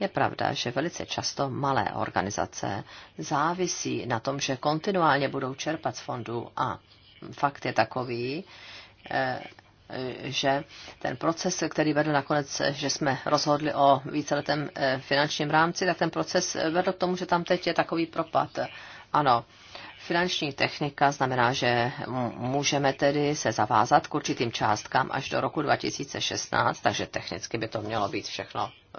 Je pravda, že velice často malé organizace závisí na tom, že kontinuálně budou čerpat z fondů a fakt je takový, že ten proces, který vedl nakonec, že jsme rozhodli o víceletém eh, finančním rámci, tak ten proces eh, vedl k tomu, že tam teď je takový propad. Ano, finanční technika znamená, že můžeme tedy se zavázat k určitým částkám až do roku 2016, takže technicky by to mělo být všechno eh,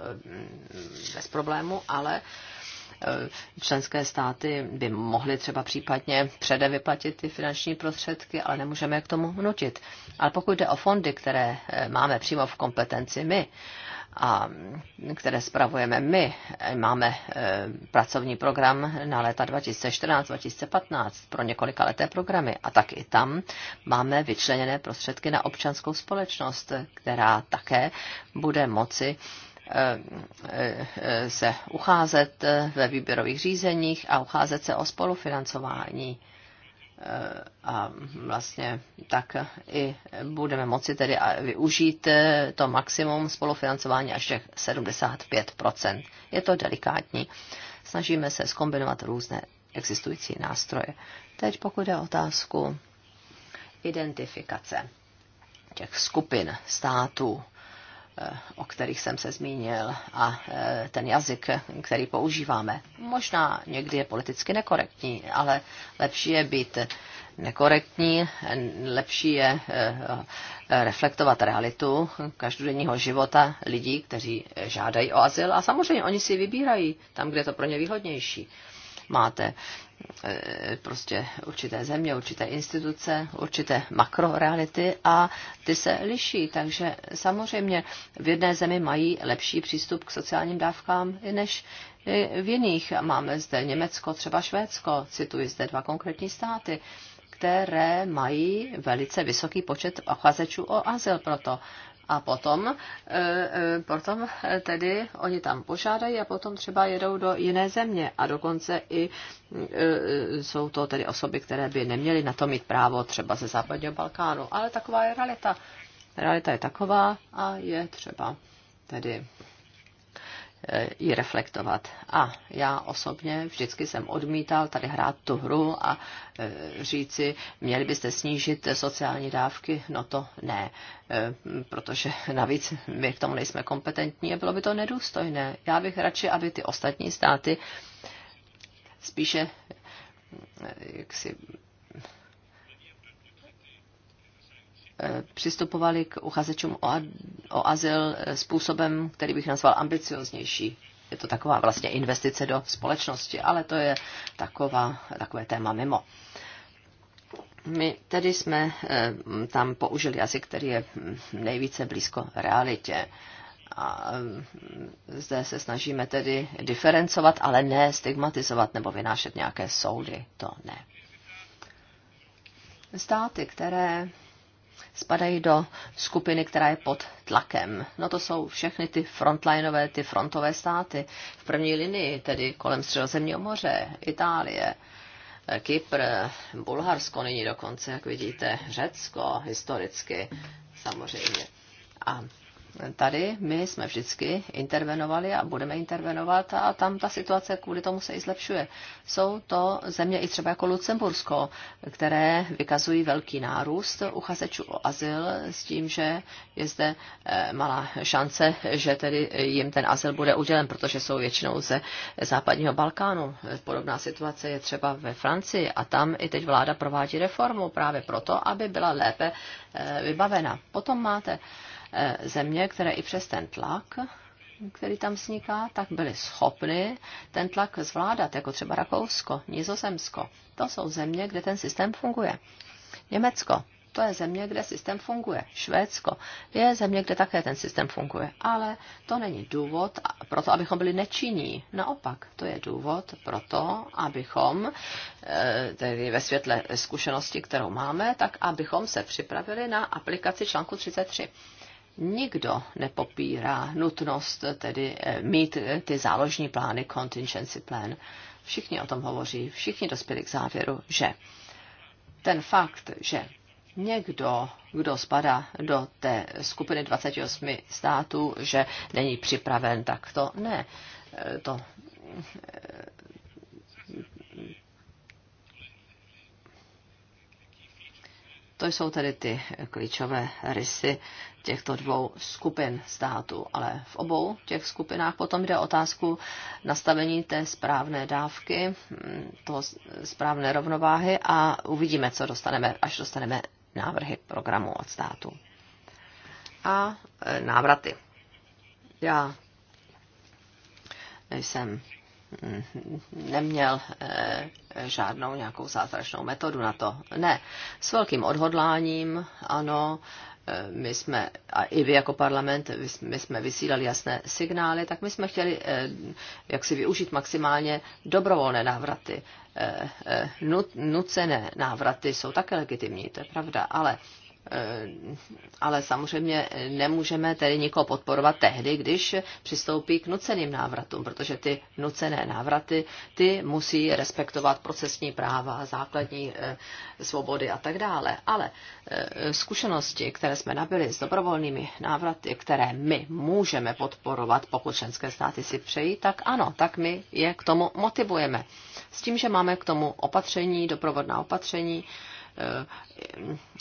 bez problému, ale Eh, členské státy by mohly třeba případně přede vyplatit ty finanční prostředky, ale nemůžeme je k tomu nutit. Ale pokud jde o fondy, které eh, máme přímo v kompetenci my, a které spravujeme my. Eh, máme pracovní program na léta 2014-2015 pro několika leté programy a tak i tam máme vyčleněné prostředky na občanskou společnost, která také bude moci se ucházet ve výběrových řízeních a ucházet se o spolufinancování. A vlastně tak i budeme moci tedy využít to maximum spolufinancování až těch 75 Je to delikátní. Snažíme se skombinovat různé existující nástroje. Teď pokud je otázku identifikace těch skupin států, Eh, o kterých jsem se zmínil, a eh, ten jazyk, který používáme. Možná někdy je politicky nekorektní, ale lepší je být nekorektní, lepší je eh, reflektovat realitu každodenního života lidí, kteří žádají o azyl a samozřejmě oni si vybírají tam, kde je to pro ně výhodnější máte e, prostě určité země, určité instituce, určité makroreality a ty se liší. Takže samozřejmě v jedné zemi mají lepší přístup k sociálním dávkám než v jiných. Máme zde Německo, třeba Švédsko, cituji zde dva konkrétní státy, které mají velice vysoký počet ochazečů o azyl proto. A potom, e, e, potom tedy oni tam požádají a potom třeba jedou do jiné země. A dokonce i e, jsou to tedy osoby, které by neměly na to mít právo třeba ze západního Balkánu. Ale taková je realita. Realita je taková a je třeba tedy Eh, i reflektovat. A já osobně vždycky jsem odmítal tady hrát tu hru a eh, říci, měli byste snížit sociální dávky, no to ne, eh, protože navíc my k tomu nejsme kompetentní a bylo by to nedůstojné. Já bych radši, aby ty ostatní státy spíše jak si Eh, přistupovali k uchazečům o, o azyl eh, způsobem, který bych nazval ambicioznější. Je to taková vlastně investice do společnosti, ale to je taková, takové téma mimo. My tedy jsme eh, tam použili jazyk, který je hm, nejvíce blízko realitě. A hm, zde se snažíme tedy diferencovat, ale ne stigmatizovat nebo vynášet nějaké soudy. To ne. Státy, které spadají do skupiny, která je pod tlakem. No to jsou všechny ty frontlineové, ty frontové státy v první linii, tedy kolem Středozemního moře, Itálie, eh, Kypr, Bulharsko nyní dokonce, jak vidíte, Řecko historicky samozřejmě. A tady my jsme vždycky intervenovali a budeme intervenovat a tam ta situace kvůli tomu se i zlepšuje. Jsou to země i třeba jako Lucembursko, které vykazují velký nárůst uchazečů o azyl s tím, že je zde eh, malá šance, že tedy jim ten azyl bude udělen, protože jsou většinou ze západního Balkánu. Podobná situace je třeba ve Francii a tam i teď vláda provádí reformu právě proto, aby byla lépe eh, vybavena. Potom máte Eh, země, které i přes ten tlak který tam vzniká, tak byly schopny ten tlak zvládat, jako třeba Rakousko, Nizozemsko. To jsou země, kde ten systém funguje. Německo, to je země, kde systém funguje. Švédsko je země, kde také ten systém funguje. Ale to není důvod pro to, abychom byli nečinní. Naopak, to je důvod pro to, abychom, eh, tedy ve světle zkušenosti, kterou máme, tak abychom se připravili na aplikaci článku 33 nikdo nepopírá nutnost tedy eh, mít eh, ty záložní plány, contingency plan. Všichni o tom hovoří, všichni dospěli k závěru, že ten fakt, že někdo, kdo spadá do té skupiny 28 států, že není připraven, tak to ne. Eh, to To jsou tedy ty klíčové rysy těchto dvou skupin států, ale v obou těch skupinách potom jde otázku nastavení té správné dávky, toho správné rovnováhy a uvidíme, co dostaneme, až dostaneme návrhy programu od státu. A e, návraty. Já jsem neměl eh, žádnou nějakou zázračnou metodu na to. Ne, s velkým odhodláním, ano, eh, my jsme, a i vy jako parlament, my jsme vysílali jasné signály, tak my jsme chtěli eh, jak si využít maximálně dobrovolné návraty. Nucené návraty jsou také legitimní, to je pravda, ale Eh, ale samozřejmě nemůžeme tedy nikoho podporovat tehdy, když přistoupí k nuceným návratům, protože ty nucené návraty, ty musí respektovat procesní práva, základní eh, svobody a tak dále. Ale eh, zkušenosti, které jsme nabili s dobrovolnými návraty, které my můžeme podporovat, pokud členské státy si přejí, tak ano, tak my je k tomu motivujeme. S tím, že máme k tomu opatření, doprovodná opatření, Eh,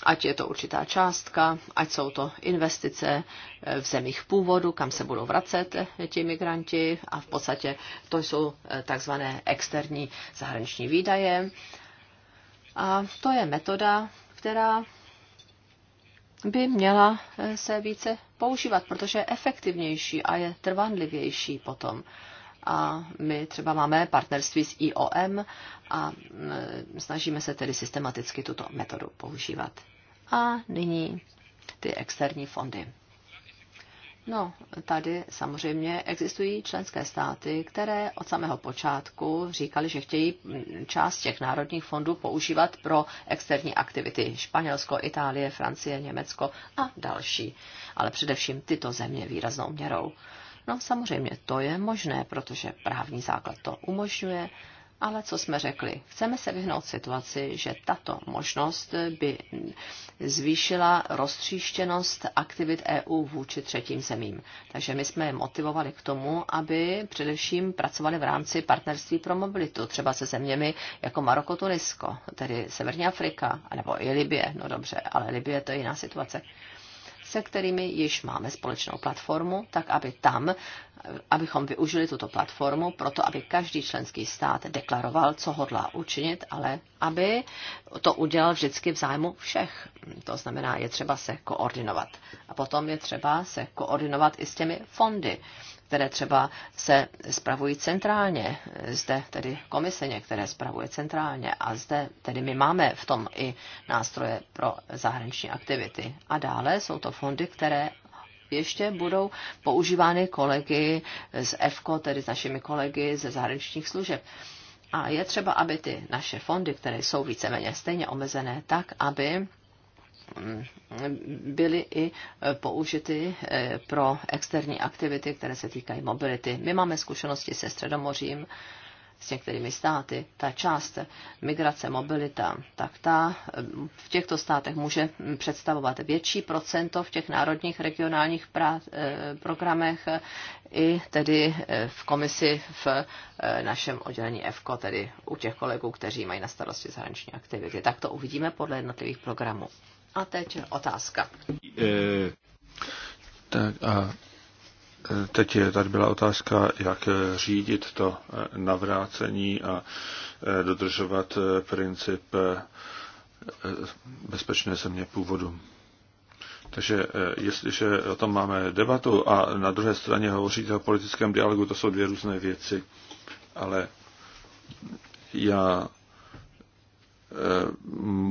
ať je to určitá částka, ať jsou to investice eh, v zemích původu, kam se budou vracet eh, ti migranti a v podstatě to jsou takzvané externí zahraniční výdaje. A to je metoda, která by měla se více používat, protože je efektivnější a je trvanlivější potom a my třeba máme partnerství s IOM a snažíme se tedy systematicky tuto metodu používat. A nyní ty externí fondy. No, tady samozřejmě existují členské státy, které od samého počátku říkali, že chtějí část těch národních fondů používat pro externí aktivity. Španělsko, Itálie, Francie, Německo a další. Ale především tyto země výraznou měrou. No samozřejmě to je možné, protože právní základ to umožňuje, ale co jsme řekli, chceme se vyhnout situaci, že tato možnost by zvýšila roztříštěnost aktivit EU vůči třetím zemím. Takže my jsme je motivovali k tomu, aby především pracovali v rámci partnerství pro mobilitu, třeba se zeměmi jako Maroko, Tunisko, tedy Severní Afrika, nebo i Libie, no dobře, ale Libie to je jiná situace se kterými již máme společnou platformu, tak aby tam, abychom využili tuto platformu proto, aby každý členský stát deklaroval, co hodlá učinit, ale aby to udělal vždycky v zájmu všech. To znamená, je třeba se koordinovat. A potom je třeba se koordinovat i s těmi fondy které třeba se spravují centrálně. Zde tedy komise některé spravuje centrálně a zde tedy my máme v tom i nástroje pro zahraniční aktivity. A dále jsou to fondy, které ještě budou používány kolegy z EFKO, tedy s našimi kolegy ze zahraničních služeb. A je třeba, aby ty naše fondy, které jsou víceméně stejně omezené, tak, aby byly i použity eh, pro externí aktivity, které se týkají mobility. My máme zkušenosti se Středomořím, s některými státy. Ta část migrace, mobilita, tak ta eh, v těchto státech může představovat větší procento v těch národních regionálních pra, eh, programech i tedy v komisi v našem oddělení EFKO, tedy u těch kolegů, kteří mají na starosti zahraniční aktivity. Tak to uvidíme podle jednotlivých programů. A teď otázka. E, tak a e, Teď je, tady byla otázka, jak e, řídit to navrácení a dodržovat princip bezpečné země původu. Takže jestliže o tom máme debatu a na druhé straně hovoříte o politickém dialogu, to jsou dvě různé věci. Ale já Eh,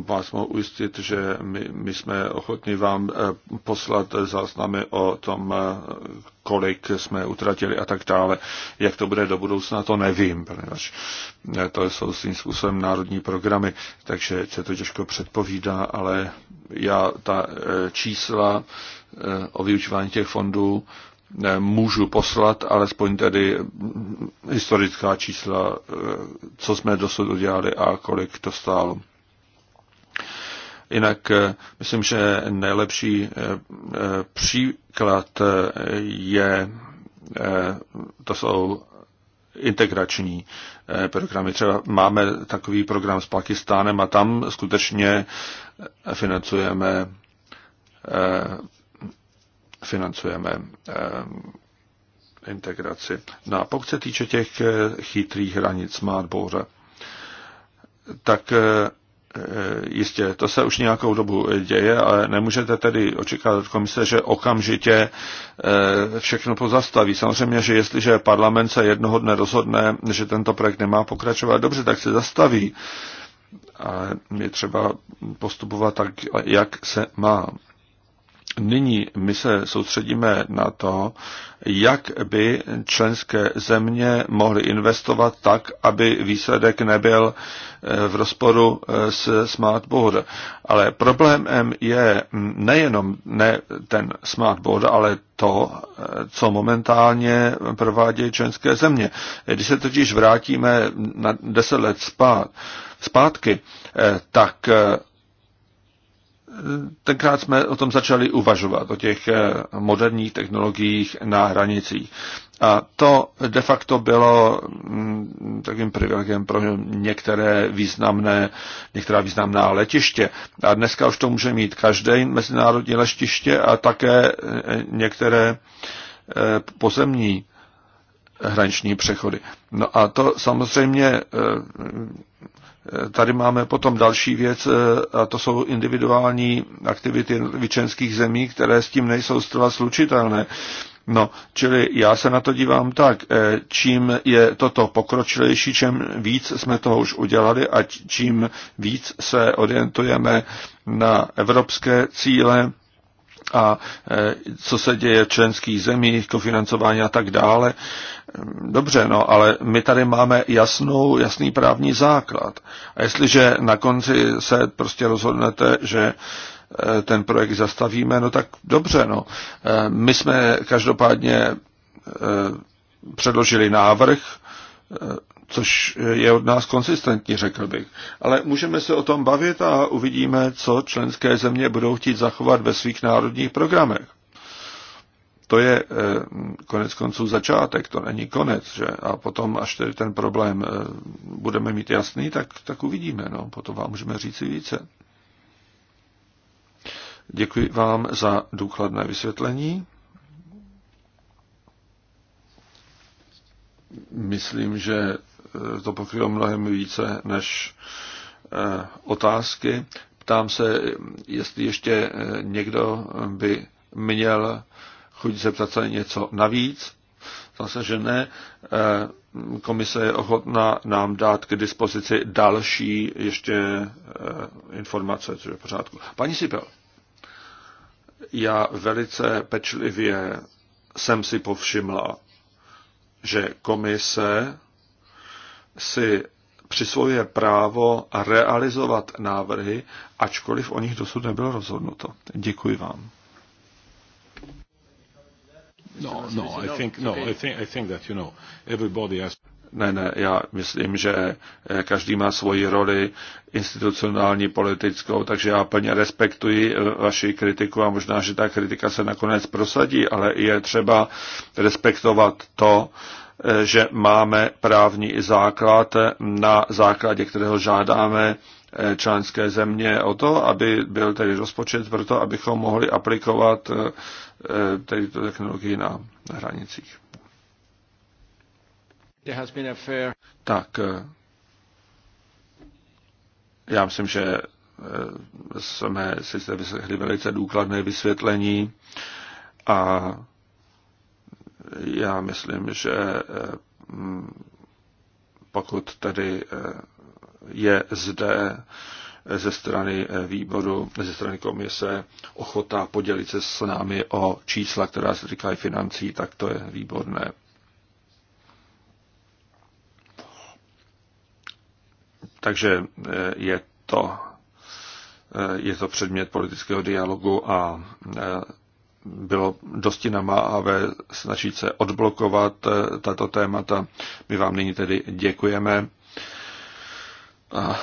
vás mohu ujistit, že my, my jsme ochotni vám eh, poslat záznamy o tom, eh, kolik jsme utratili a tak dále. Jak to bude do budoucna, to nevím, protože to jsou tím způsobem národní programy, takže se to těžko předpovídá, ale já ta čísla o využívání těch fondů můžu poslat alespoň tedy historická čísla, eh, co jsme dosud udělali a kolik to stálo. Jinak eh, myslím, že nejlepší eh, příklad je, to jsou integrační programy. Třeba máme takový program s Pakistánem a tam skutečně financujeme financujeme eh, integraci. No a pokud se týče těch eh, chytrých hranic smart border, tak eh, jistě, to se už nějakou dobu děje, ale nemůžete tedy očekávat od komise, že okamžitě všechno pozastaví. Samozřejmě, že jestliže parlament se jednoho dne rozhodne, že tento projekt nemá pokračovat dobře, tak se zastaví. Ale je třeba postupovat tak, jak se má. Nyní my se soustředíme na to, jak by členské země mohly investovat tak, aby výsledek nebyl eh, v rozporu eh, s smart board. Ale problémem je nejenom ne ten smart board, ale to, eh, co momentálně provádějí členské země. Když se totiž vrátíme na deset let zpátky, tak tenkrát jsme o tom začali uvažovat, o těch eh, moderních technologiích na hranicích. A to de facto bylo mm, takovým privilegem pro některé významné, některá významná letiště. A dneska už to může mít každé mezinárodní letiště a také eh, některé eh, pozemní hraniční přechody. No a to samozřejmě Tady máme potom další věc, eh, a to jsou individuální aktivity vyčenských zemí, které s tím nejsou zcela slučitelné. No, čili já se na to dívám tak, eh, čím je toto pokročilejší, čím víc jsme toho už udělali a čím víc se orientujeme na evropské cíle, a e, co se děje v členských zemích, kofinancování a tak dále. Dobře, no, ale my tady máme jasnou, jasný právní základ. A jestliže na konci se prostě rozhodnete, že e, ten projekt zastavíme, no tak dobře, no. E, my jsme každopádně předložili návrh, což je od nás konsistentní, řekl bych. Ale můžeme se o tom bavit a uvidíme, co členské země budou chtít zachovat ve svých národních programech. To je eh, konec konců začátek, to není konec, že? A potom, až tedy ten problém eh, budeme mít jasný, tak, tak uvidíme, no. Potom vám můžeme říci více. Děkuji vám za důkladné vysvětlení. Myslím, že to pokrylo mnohem více než eh, otázky. Ptám se, jestli ještě eh, někdo by měl chuť zeptat se něco navíc. Zase, že ne. Eh, komise je ochotná nám dát k dispozici další ještě informace, což je v pořádku. Paní Sipel, já velice pečlivě jsem si povšimla, že komise si přisvojuje právo realizovat návrhy, ačkoliv o nich dosud nebylo rozhodnuto. Děkuji vám. Ne, ne, já myslím, že eh, každý má svoji roli institucionální, politickou, takže já plně respektuji eh, vaši kritiku a možná, že ta kritika se nakonec prosadí, ale je třeba respektovat to, že máme právní základ, na základě kterého žádáme eh, členské země o to, aby byl tedy rozpočet pro to, abychom mohli aplikovat eh, tedy tu technologii na hranicích. Tak, eh, já myslím, že jsme si zde vyslechli velice důkladné vysvětlení a já myslím, že eh, hm, pokud tedy eh, je zde eh, ze strany výboru, ze strany komise ochota podělit se s námi o čísla, která se týkají financí, tak to je výborné. Takže je to, je to předmět politického dialogu a bylo dosti namáhavé snažit se odblokovat eh, tato témata. My vám nyní tedy děkujeme. A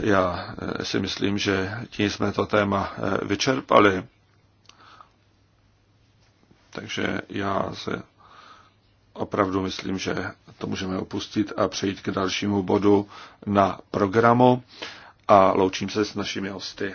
já eh, si myslím, že tím jsme to téma eh, vyčerpali. Takže já se opravdu myslím, že to můžeme opustit a přejít k dalšímu bodu na programu a loučím se s našimi hosty.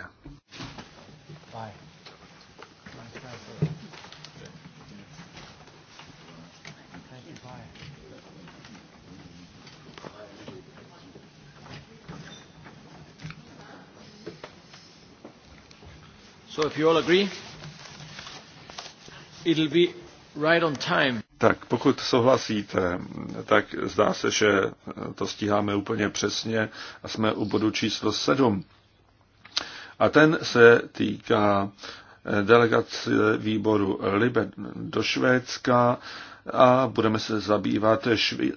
Tak pokud souhlasíte, tak zdá se, že to stíháme úplně přesně a jsme u bodu číslo 7. A ten se týká eh, delegace výboru Libe do Švédska a budeme se zabývat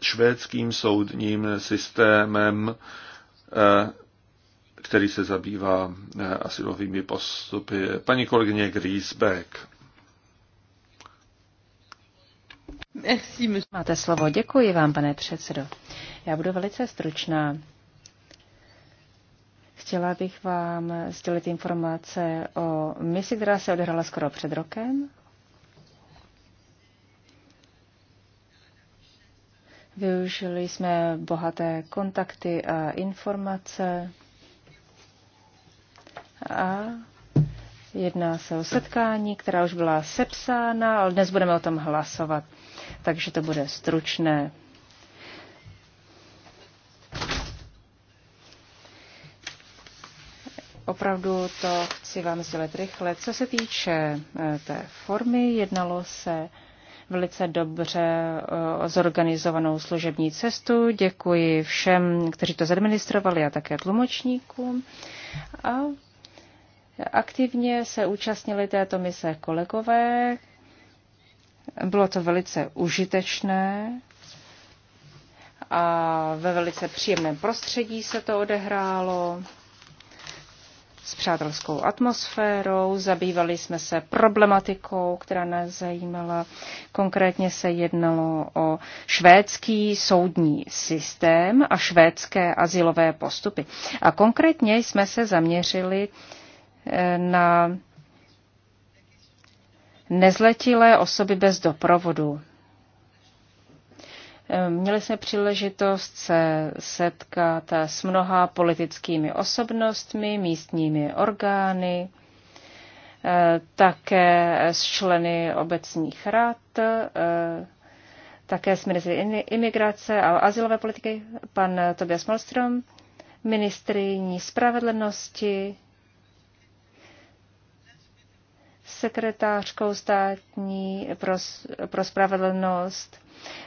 švédským soudním systémem eh, který se zabývá eh, asilovými postupy. Paní kolegyně Griesbeck. Merci, Máte slovo. Děkuji vám, pane předsedo. Já budu velice stručná. Chtěla bych vám sdělit informace o misi, která se odehrála skoro před rokem. Využili jsme bohaté kontakty a informace. A jedná se o setkání, která už byla sepsána, ale dnes budeme o tom hlasovat, takže to bude stručné. Opravdu to chci vám sdělit rychle. Co se týče eh, té formy, jednalo se velice dobře zorganizovanou služební cestu. Děkuji všem, kteří to zadministrovali a také tlumočníkům. A Aktivně se účastnili této mise kolegové. Bylo to velice užitečné a ve velice příjemném prostředí se to odehrálo s přátelskou atmosférou, zabývali jsme se problematikou, která nás zajímala. Konkrétně se jednalo o švédský soudní systém a švédské asilové postupy. A konkrétně jsme se zaměřili na nezletilé osoby bez doprovodu. Měli jsme příležitost se setkat s mnoha politickými osobnostmi, místními orgány, také s členy obecních rad, také s ministry imigrace a asilové politiky, pan Tobias Malmström, ministriní spravedlnosti, sekretářkou státní pro, pro spravedlnost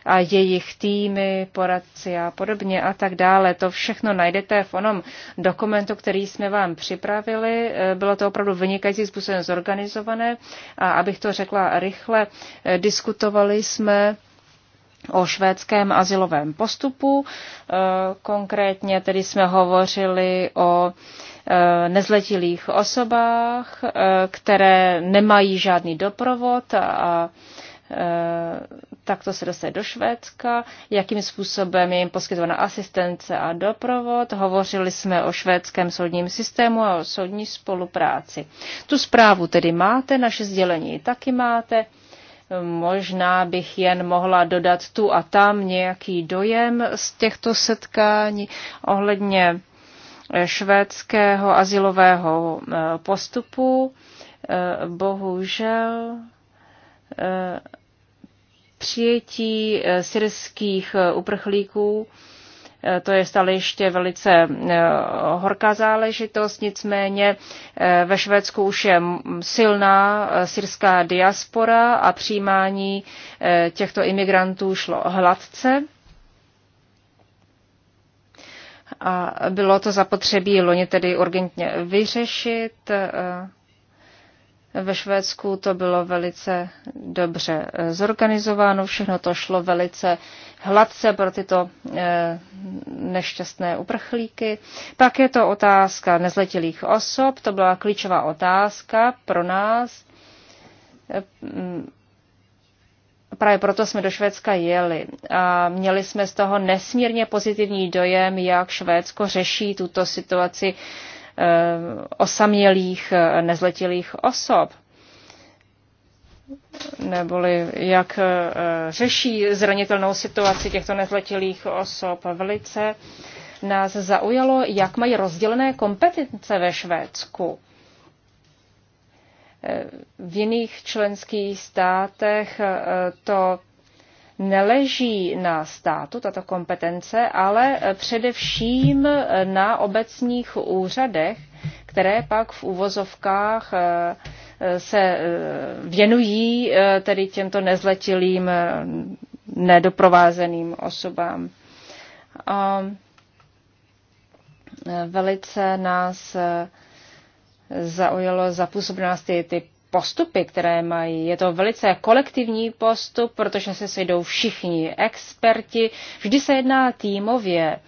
a jejich týmy, poradci a podobně a tak dále. To všechno najdete v onom dokumentu, který jsme vám připravili. Eh, bylo to opravdu vynikající způsobem zorganizované a abych to řekla rychle, eh, diskutovali jsme o švédském asilovém postupu. Eh, konkrétně tedy jsme hovořili o Eh, nezletilých osobách, eh, které nemají žádný doprovod a eh, takto se dostali do Švédska, jakým způsobem je jim poskytována asistence a doprovod. Hovořili jsme o švédském soudním systému a o soudní spolupráci. Tu zprávu tedy máte, naše sdělení taky máte. Možná bych jen mohla dodat tu a tam nějaký dojem z těchto setkání ohledně švédského asilového eh, postupu. Eh, bohužel eh, přijetí syrských uprchlíků to je stále ještě velice horká záležitost, nicméně ve Švédsku už je silná syrská diaspora a přijímání těchto imigrantů šlo hladce. A bylo to zapotřebí loni tedy urgentně vyřešit. E, ve Švédsku to bylo velice dobře e, zorganizováno, všechno to šlo velice hladce pro tyto e, nešťastné uprchlíky. Pak je to otázka nezletilých osob, to byla klíčová otázka pro nás Právě proto jsme do Švédska jeli a měli jsme z toho nesmírně pozitivní dojem, jak Švédsko řeší tuto situaci eh, osamělých eh, nezletilých osob neboli jak eh, řeší zranitelnou situaci těchto nezletilých osob. Velice nás zaujalo, jak mají rozdělené kompetence ve Švédsku. V jiných členských státech e, to neleží na státu, tato kompetence, ale především na obecních úřadech, které pak v úvozovkách e, se e, věnují tedy těmto nezletilým nedoprovázeným osobám. A velice nás zaujalo za působnost ty, ty postupy, které mají. Je to velice kolektivní postup, protože se sejdou všichni experti. Vždy se jedná týmově.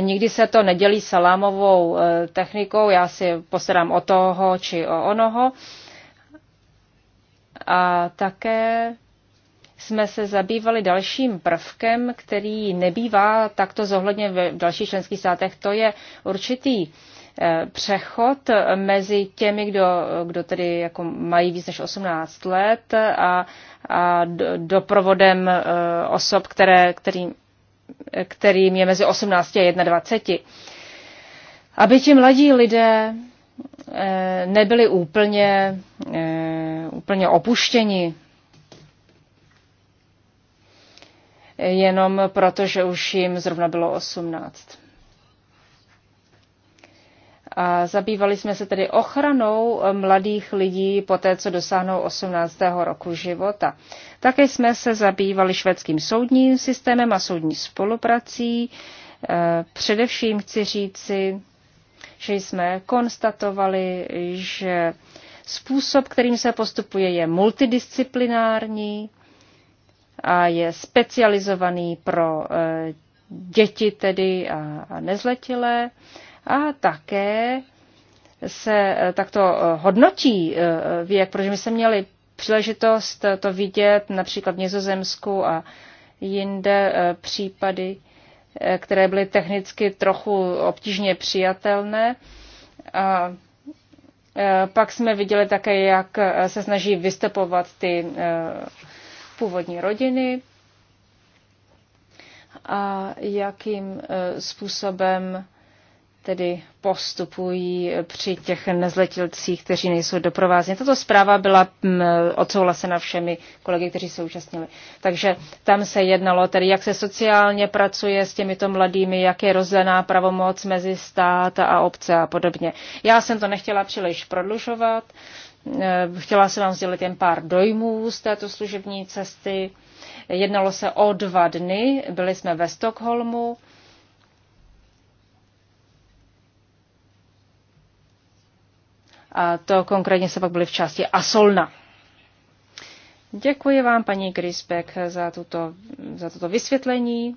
Nikdy se to nedělí salámovou eh, technikou, já si posedám o toho či o onoho. A také jsme se zabývali dalším prvkem, který nebývá takto zohledně v dalších členských státech. To je určitý Eh, přechod mezi těmi, kdo, kdo tedy jako mají víc než 18 let a, a doprovodem eh, osob, které, kterým, kterým je mezi 18 a 21. Aby ti mladí lidé eh, nebyli úplně, úplně opuštěni jenom proto, že už jim zrovna bylo 18 zabývali jsme se tedy ochranou mladých lidí po té, co dosáhnou 18. roku života. Také jsme se zabývali švédským soudním systémem a soudní spoluprací. E, především chci říci, že jsme konstatovali, že způsob, kterým se postupuje, je multidisciplinární a je specializovaný pro e, děti tedy a nezletilé. A také se eh, takto eh, hodnotí eh, věk, protože my jsme měli příležitost to vidět například v Nizozemsku a jinde případy, které byly technicky trochu obtížně přijatelné. A pak jsme viděli také, jak se snaží vystupovat ty původní rodiny a jakým způsobem tedy postupují při těch nezletilcích, kteří nejsou doprovázeni. Tato zpráva byla mm, odsouhlasena všemi kolegy, kteří se účastnili. Takže tam se jednalo tedy, jak se sociálně pracuje s těmito mladými, jak je rozdaná pravomoc mezi stát a obce a podobně. Já jsem to nechtěla příliš prodlužovat. Eh, chtěla jsem vám sdělit jen pár dojmů z této služební cesty. Jednalo se o dva dny, byli jsme ve Stockholmu A to konkrétně se pak byly v části Asolna. Děkuji vám, paní Grisbeck, za, tuto, za toto vysvětlení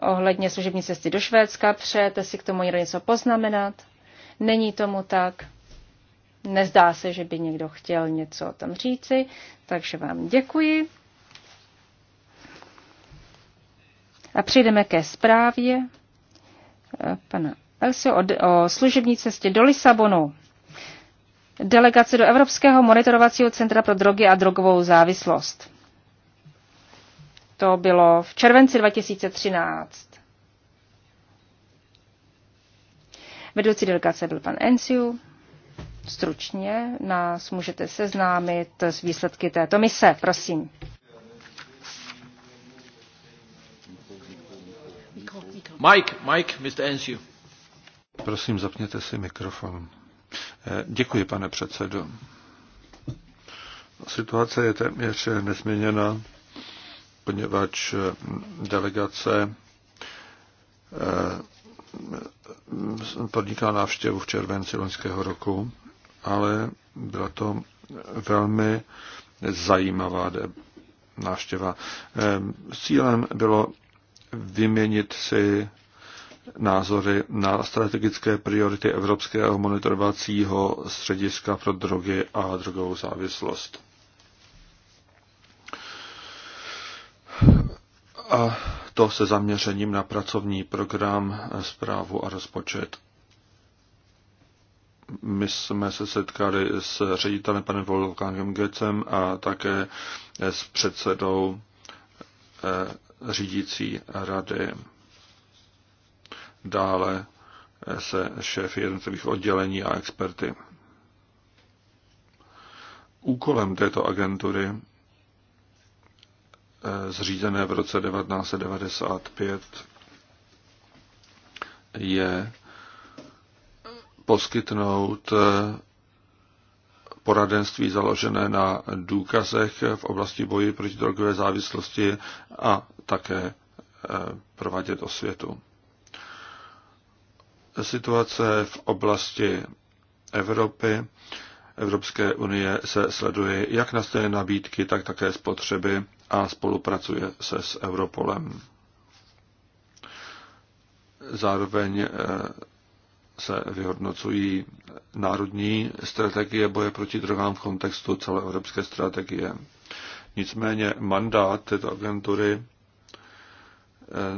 ohledně služební cesty do Švédska. Přejete si k tomu někdo něco poznamenat? Není tomu tak. Nezdá se, že by někdo chtěl něco tam říci, takže vám děkuji. A přejdeme ke zprávě eh, pana Elsio o služební cestě do Lisabonu. Delegace do Evropského monitorovacího centra pro drogy a drogovou závislost. To bylo v červenci 2013. Vedoucí delegace byl pan Enciu. Stručně nás můžete seznámit s výsledky této mise, prosím. Mike, Mike, Mr. Enciu. Prosím, zapněte si mikrofon. Děkuji, pane předsedo. Situace je téměř nezměněna, poněvadž delegace eh, podnikla návštěvu v červenci loňského roku, ale byla to velmi zajímavá návštěva. Eh, cílem bylo vyměnit si názory na strategické priority Evropského monitorovacího střediska pro drogy a drogovou závislost. A to se zaměřením na pracovní program, zprávu a rozpočet. My jsme se setkali s ředitelem panem Wolfgangem Gecem a také s předsedou eh, řídící rady dále se šéfy jednotlivých oddělení a experty. Úkolem této agentury eh, zřízené v roce 1995 je poskytnout eh, poradenství založené na důkazech v oblasti boji proti drogové závislosti a také eh, provádět osvětu. Situace v oblasti Evropy, Evropské unie se sleduje jak na stejné nabídky, tak také spotřeby a spolupracuje se s Europolem. Zároveň eh, se vyhodnocují národní strategie boje proti drogám v kontextu celoevropské strategie. Nicméně mandát této agentury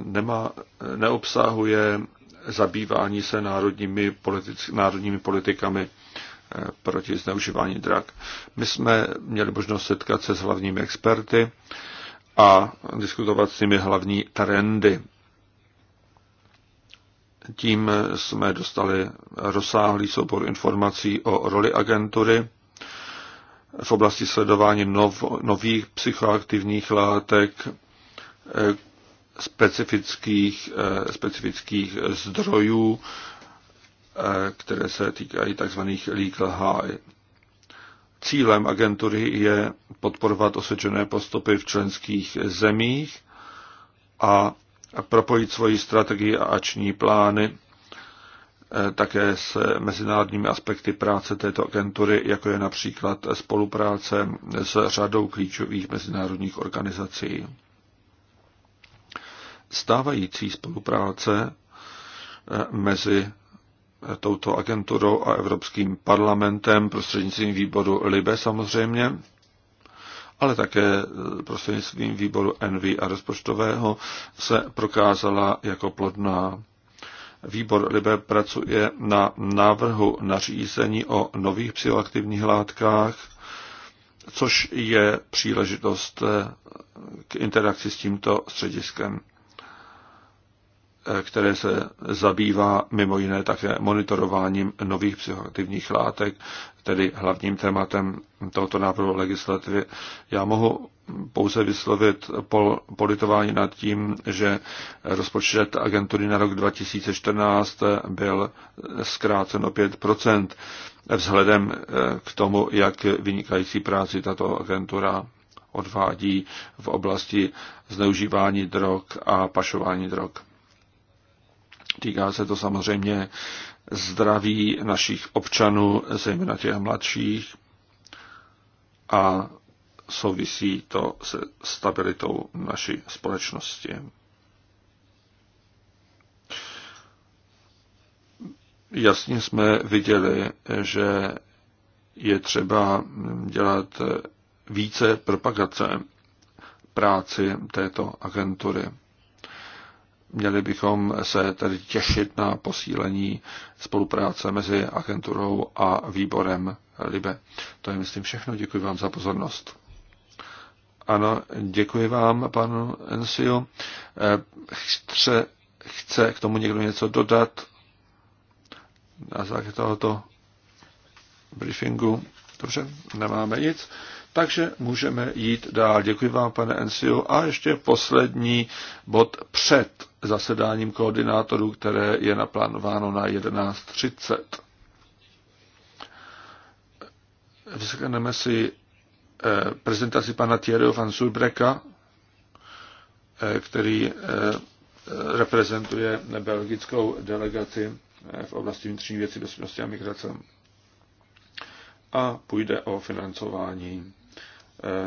nemá, neobsahuje zabývání se národními, politic, národními politikami eh, proti zneužívání drak. My jsme měli možnost setkat se s hlavními experty a diskutovat s nimi hlavní trendy. Tím jsme dostali rozsáhlý soubor informací o roli agentury v oblasti sledování nov, nových psychoaktivních látek, specifických, eh, specifických zdrojů, eh, které se týkají tzv. legal high. Cílem agentury je podporovat osvědčené postupy v členských zemích a propojit svoji strategii a ační plány eh, také s mezinárodními aspekty práce této agentury, jako je například spolupráce s řadou klíčových mezinárodních organizací stávající spolupráce eh, mezi eh, touto agenturou a Evropským parlamentem, prostřednictvím výboru LIBE samozřejmě, ale také eh, prostřednictvím výboru NV a rozpočtového se prokázala jako plodná. Výbor LIBE pracuje na návrhu nařízení o nových psychoaktivních látkách, což je příležitost k interakci s tímto střediskem. Eh, které se zabývá mimo jiné také monitorováním nových psychoaktivních látek, tedy hlavním tématem tohoto návrhu legislativy. Já mohu pouze vyslovit pol, politování nad tím, že rozpočet agentury na rok 2014 byl zkrácen o 5%, vzhledem eh, k tomu, jak vynikající práci tato agentura odvádí v oblasti zneužívání drog a pašování drog. Týká se to samozřejmě zdraví našich občanů, zejména těch mladších, a souvisí to se stabilitou naší společnosti. Jasně jsme viděli, že je třeba dělat více propagace práci této agentury. Měli bychom se tedy těšit na posílení spolupráce mezi agenturou a výborem LIBE. To je, myslím, všechno. Děkuji vám za pozornost. Ano, děkuji vám, panu Ensiu. Chce, chce k tomu někdo něco dodat na základě tohoto briefingu? Dobře, nemáme nic. Takže můžeme jít dál. Děkuji vám, pane Ensiu. A ještě poslední bod před zasedáním koordinátorů, které je naplánováno na 11.30. Vyskneme si eh, prezentaci pana Thierryho van Sulbreka, eh, který eh, reprezentuje belgickou delegaci v oblasti vnitřní věci, bezpečnosti a migrace. A půjde o financování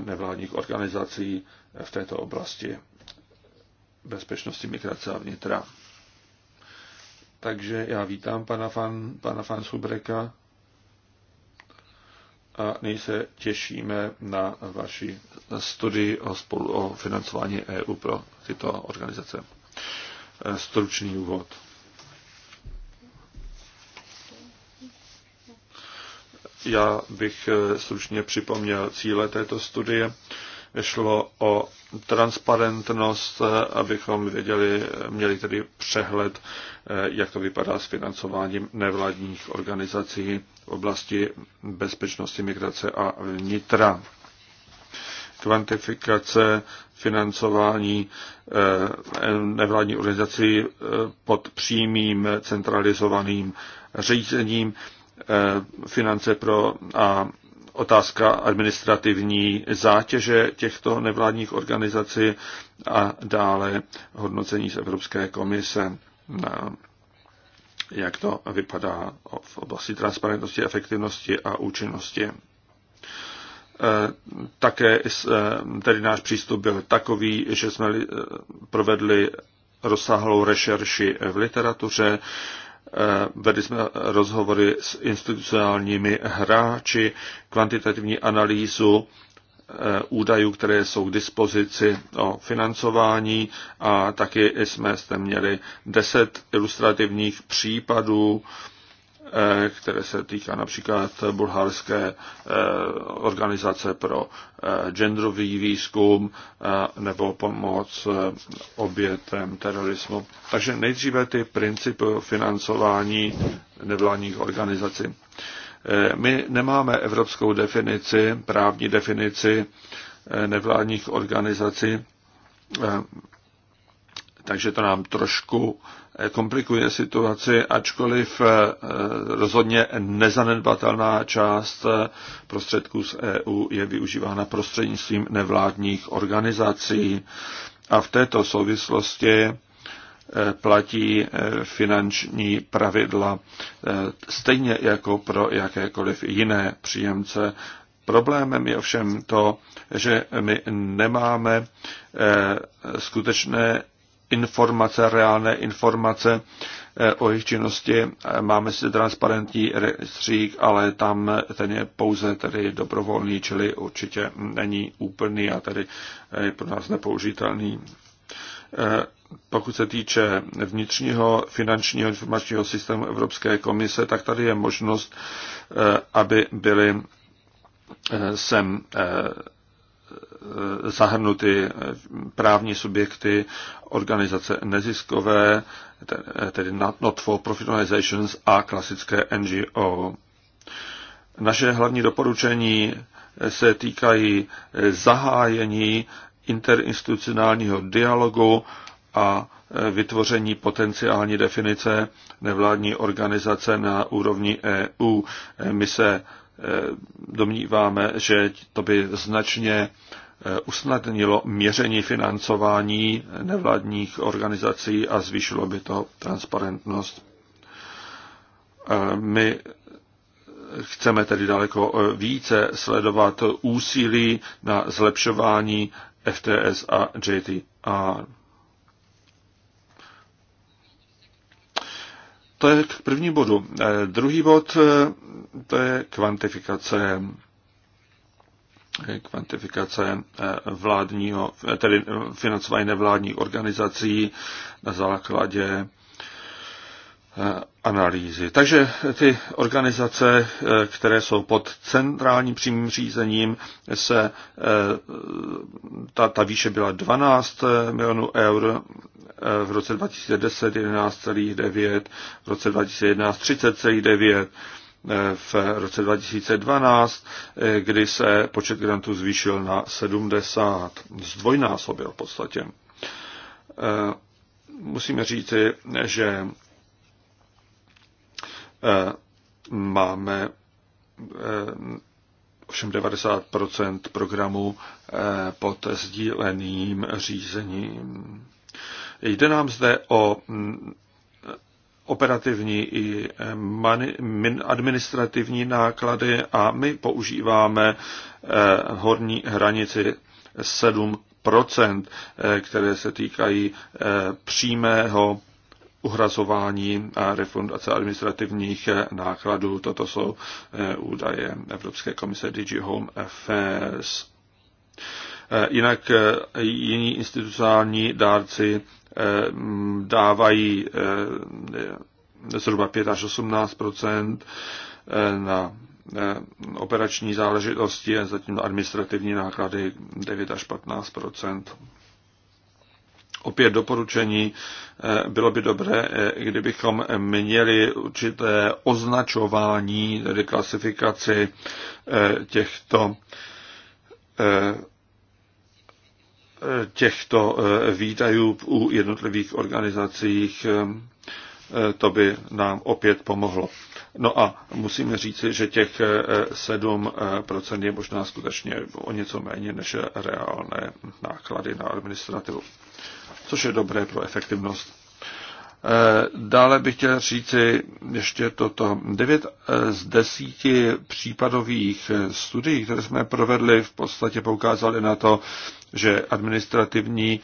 nevládních organizací v této oblasti bezpečnosti migrace a vnitra. Takže já vítám pana Fan, pana Fan Subreka a nyní se těšíme na vaši studii o, spolu, o financování EU pro tyto organizace. Eh, stručný úvod. Já bych eh, stručně připomněl cíle této studie šlo o transparentnost, abychom věděli, měli tedy přehled, eh, jak to vypadá s financováním nevládních organizací v oblasti bezpečnosti, migrace a vnitra. Kvantifikace financování eh, nevládní organizací eh, pod přímým centralizovaným řízením finance pro a otázka administrativní zátěže těchto nevládních organizací a dále hodnocení z Evropské komise, jak to vypadá v oblasti transparentnosti, efektivnosti a účinnosti. E, také e, tedy náš přístup byl takový, že jsme e, provedli rozsáhlou rešerši v literatuře, Eh, vedli jsme rozhovory s institucionálními hráči, kvantitativní analýzu eh, údajů, které jsou k dispozici o financování a taky jsme zde měli deset ilustrativních případů Eh, které se týká například bulharské eh, organizace pro eh, genderový výzkum nebo pomoc obětem terorismu. Takže nejdříve ty principy financování nevládních organizací. My nemáme evropskou definici, právní definici nevládních organizací takže to nám trošku eh, komplikuje situaci, ačkoliv eh, eh, rozhodně nezanedbatelná část prostředků z EU je využívána prostřednictvím nevládních organizací. A v této souvislosti platí finanční pravidla stejně jako pro jakékoliv jiné příjemce. Problémem je ovšem to, že my nemáme skutečné informace, reálné informace eh, o jejich činnosti. Eh, Máme si transparentní rejstřík, ale tam eh, ten je pouze tedy dobrovolný, čili určitě není úplný a tedy je pro nás nepoužitelný. Pokud se týče vnitřního finančního informačního systému Evropské komise, tak tady je možnost, aby byly sem Eh, zahrnuty eh, právní subjekty, organizace neziskové, eh, tedy not for profit organizations a klasické NGO. Naše hlavní doporučení se týkají zahájení interinstitucionálního dialogu a vytvoření potenciální definice nevládní organizace na úrovni EU. My se domníváme, že to by značně Eh, usnadnilo měření financování nevládních organizací a zvýšilo by to transparentnost. Eh, my chceme tedy daleko eh, více sledovat úsilí na zlepšování FTS a JTR. To je k první bodu. Druhý bod to je kvantifikace Eh, kvantifikace eh, vládního, eh, tedy financování nevládních organizací na základě analýzy. Takže ty organizace, které jsou pod centrálním přímým řízením, se, ta, ta výše byla 12 milionů eur, v roce 2010 11,9, v roce 2011 30,9, Eh, v roce 2012, eh, kdy se počet grantů zvýšil na 70, zdvojnásobil v podstatě. Eh, musíme říci, že máme ovšem 90 programu pod sdíleným řízením. Jde nám zde o mm, operativní i eh, administrativní náklady a my používáme eh, horní hranici 7 eh, které se týkají přímého uhrazování a refundace administrativních nákladů. Toto jsou údaje Evropské komise DG Home Affairs. Jinak jiní institucionální dárci Eh, dávají eh, zhruba 5 až 18 eh, na operační záležitosti a zatím administrativní náklady 9 až 15 Opět doporučení, bylo by dobré, kdybychom měli určité označování, tedy klasifikaci těchto těchto eh, výdajů u jednotlivých organizacích, eh, to by nám opět pomohlo. No a musíme říci, že těch 7% eh, je možná skutečně o něco méně než reálné náklady na administrativu, což je dobré pro efektivnost. Eh, dále bych chtěl říci ještě toto. devět eh, z desíti případových eh, studií, které jsme provedli, v podstatě poukázali na to, že administrativní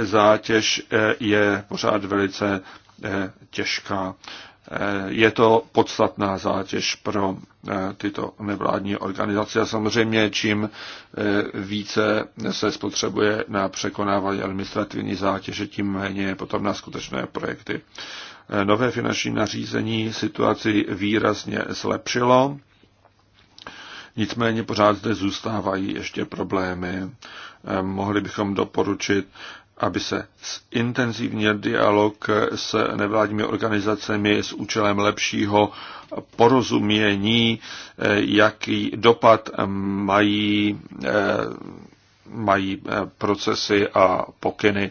zátěž je pořád velice těžká je to podstatná zátěž pro eh, tyto nevládní organizace a samozřejmě čím eh, více se spotřebuje na překonávání administrativní zátěže, tím méně je potom na skutečné projekty. Eh, nové finanční nařízení situaci výrazně zlepšilo, nicméně pořád zde zůstávají ještě problémy. Mohli bychom doporučit aby se zintenzivnil dialog s nevládními organizacemi s účelem lepšího porozumění, eh, jaký dopad mají, eh, mají eh, procesy a pokyny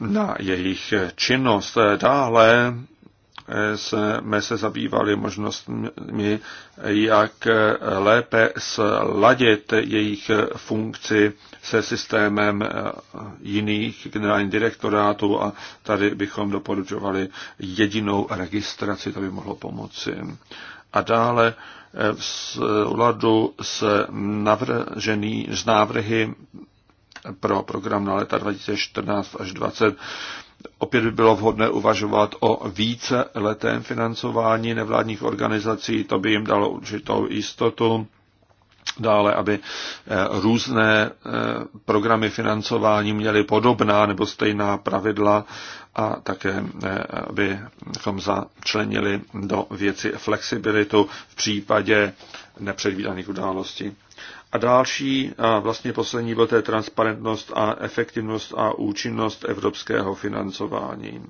na jejich činnost. Dále jsme se zabývali možnostmi, jak lépe sladit jejich funkci se systémem jiných generálních direktorátů a tady bychom doporučovali jedinou registraci, to by mohlo pomoci. A dále v souladu s, navržený, s návrhy pro program na leta 2014 až 2020 opět by bylo vhodné uvažovat o více letém financování nevládních organizací, to by jim dalo určitou jistotu. Dále, aby eh, různé eh, programy financování měly podobná nebo stejná pravidla a také, eh, abychom začlenili do věci flexibilitu v případě nepředvídaných událostí. A další, a vlastně poslední byl to je transparentnost a efektivnost a účinnost evropského financování.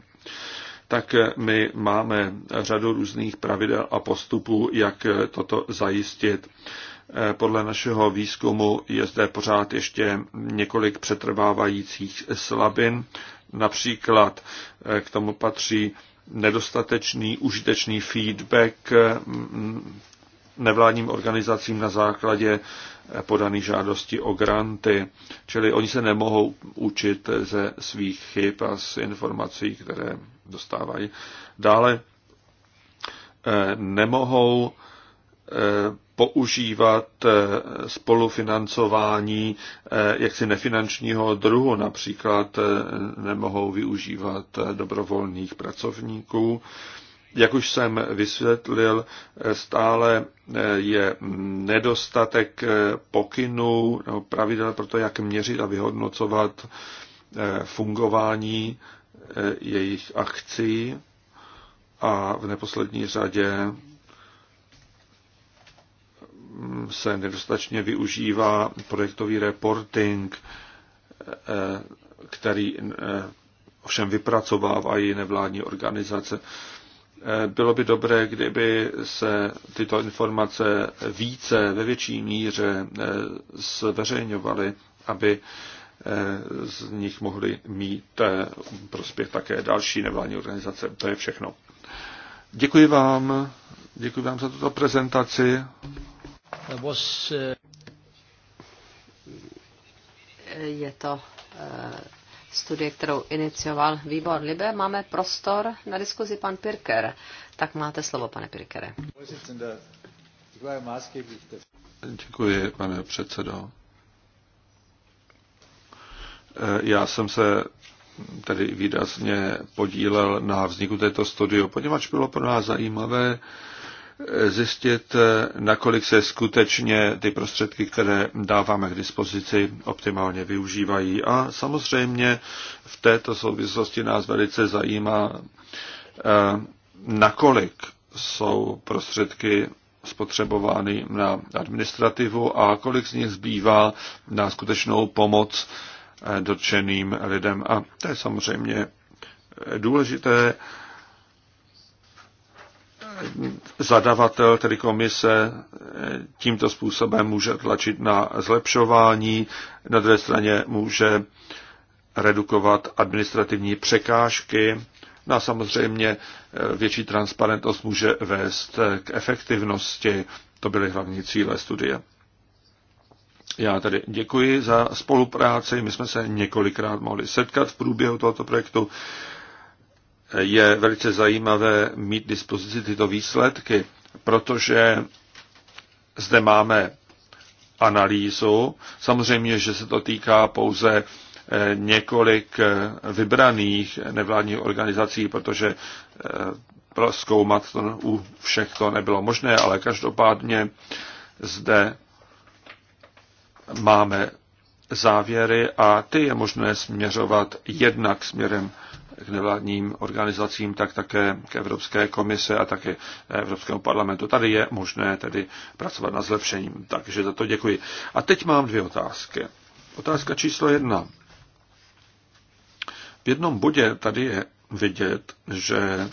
Tak my máme řadu různých pravidel a postupů, jak toto zajistit. Podle našeho výzkumu je zde pořád ještě několik přetrvávajících slabin. Například k tomu patří nedostatečný užitečný feedback nevládním organizacím na základě podaných žádostí o granty. Čili oni se nemohou učit ze svých chyb a z informací, které dostávají. Dále eh, nemohou eh, používat eh, spolufinancování jaksi nefinančního druhu, například nemohou využívat dobrovolných pracovníků jak už jsem vysvětlil, stále eh, je nedostatek eh, pokynů nebo pravidel pro to, jak měřit a vyhodnocovat eh, fungování jejich akcí a v neposlední řadě mm, se nedostatečně využívá projektový reporting, který ovšem vypracovávají nevládní organizace. Eh, bylo by dobré, kdyby se tyto informace více, ve větší míře eh, zveřejňovaly, aby eh, z nich mohly mít prospěch také další nevládní organizace. To je všechno. Děkuji vám. Děkuji vám za tuto prezentaci. Je to studie, kterou inicioval výbor Libe. Máme prostor na diskuzi pan Pirker. Tak máte slovo, pane Pirkere. Děkuji, pane předsedo. Eh, já jsem se tedy výrazně podílel na vzniku této studie, poněvadž bylo pro nás zajímavé zjistit, nakolik se skutečně ty prostředky, které dáváme k dispozici, optimálně využívají. A samozřejmě v této souvislosti nás velice zajímá, eh, nakolik jsou prostředky spotřebovány na administrativu a kolik z nich zbývá na skutečnou pomoc eh, dotčeným lidem. A to je samozřejmě eh, důležité zadavatel, tedy komise, tímto způsobem může tlačit na zlepšování, na druhé straně může redukovat administrativní překážky. No a samozřejmě eh, větší transparentnost může vést k efektivnosti. To byly hlavní cíle studie. Já tedy děkuji za spolupráci. My jsme se několikrát mohli setkat v průběhu tohoto projektu je velice zajímavé mít dispozici tyto výsledky, protože zde máme analýzu. Samozřejmě, že se to týká pouze eh, několik eh, vybraných nevládních organizací, protože eh, proskoumat to u všech to nebylo možné, ale každopádně zde máme závěry a ty je možné směřovat jednak směrem k nevládním organizacím, tak také k Evropské komise a také Evropskému parlamentu. Tady je možné tedy pracovat na zlepšením, takže za to děkuji. A teď mám dvě otázky. Otázka číslo jedna. V jednom bodě tady je vidět, že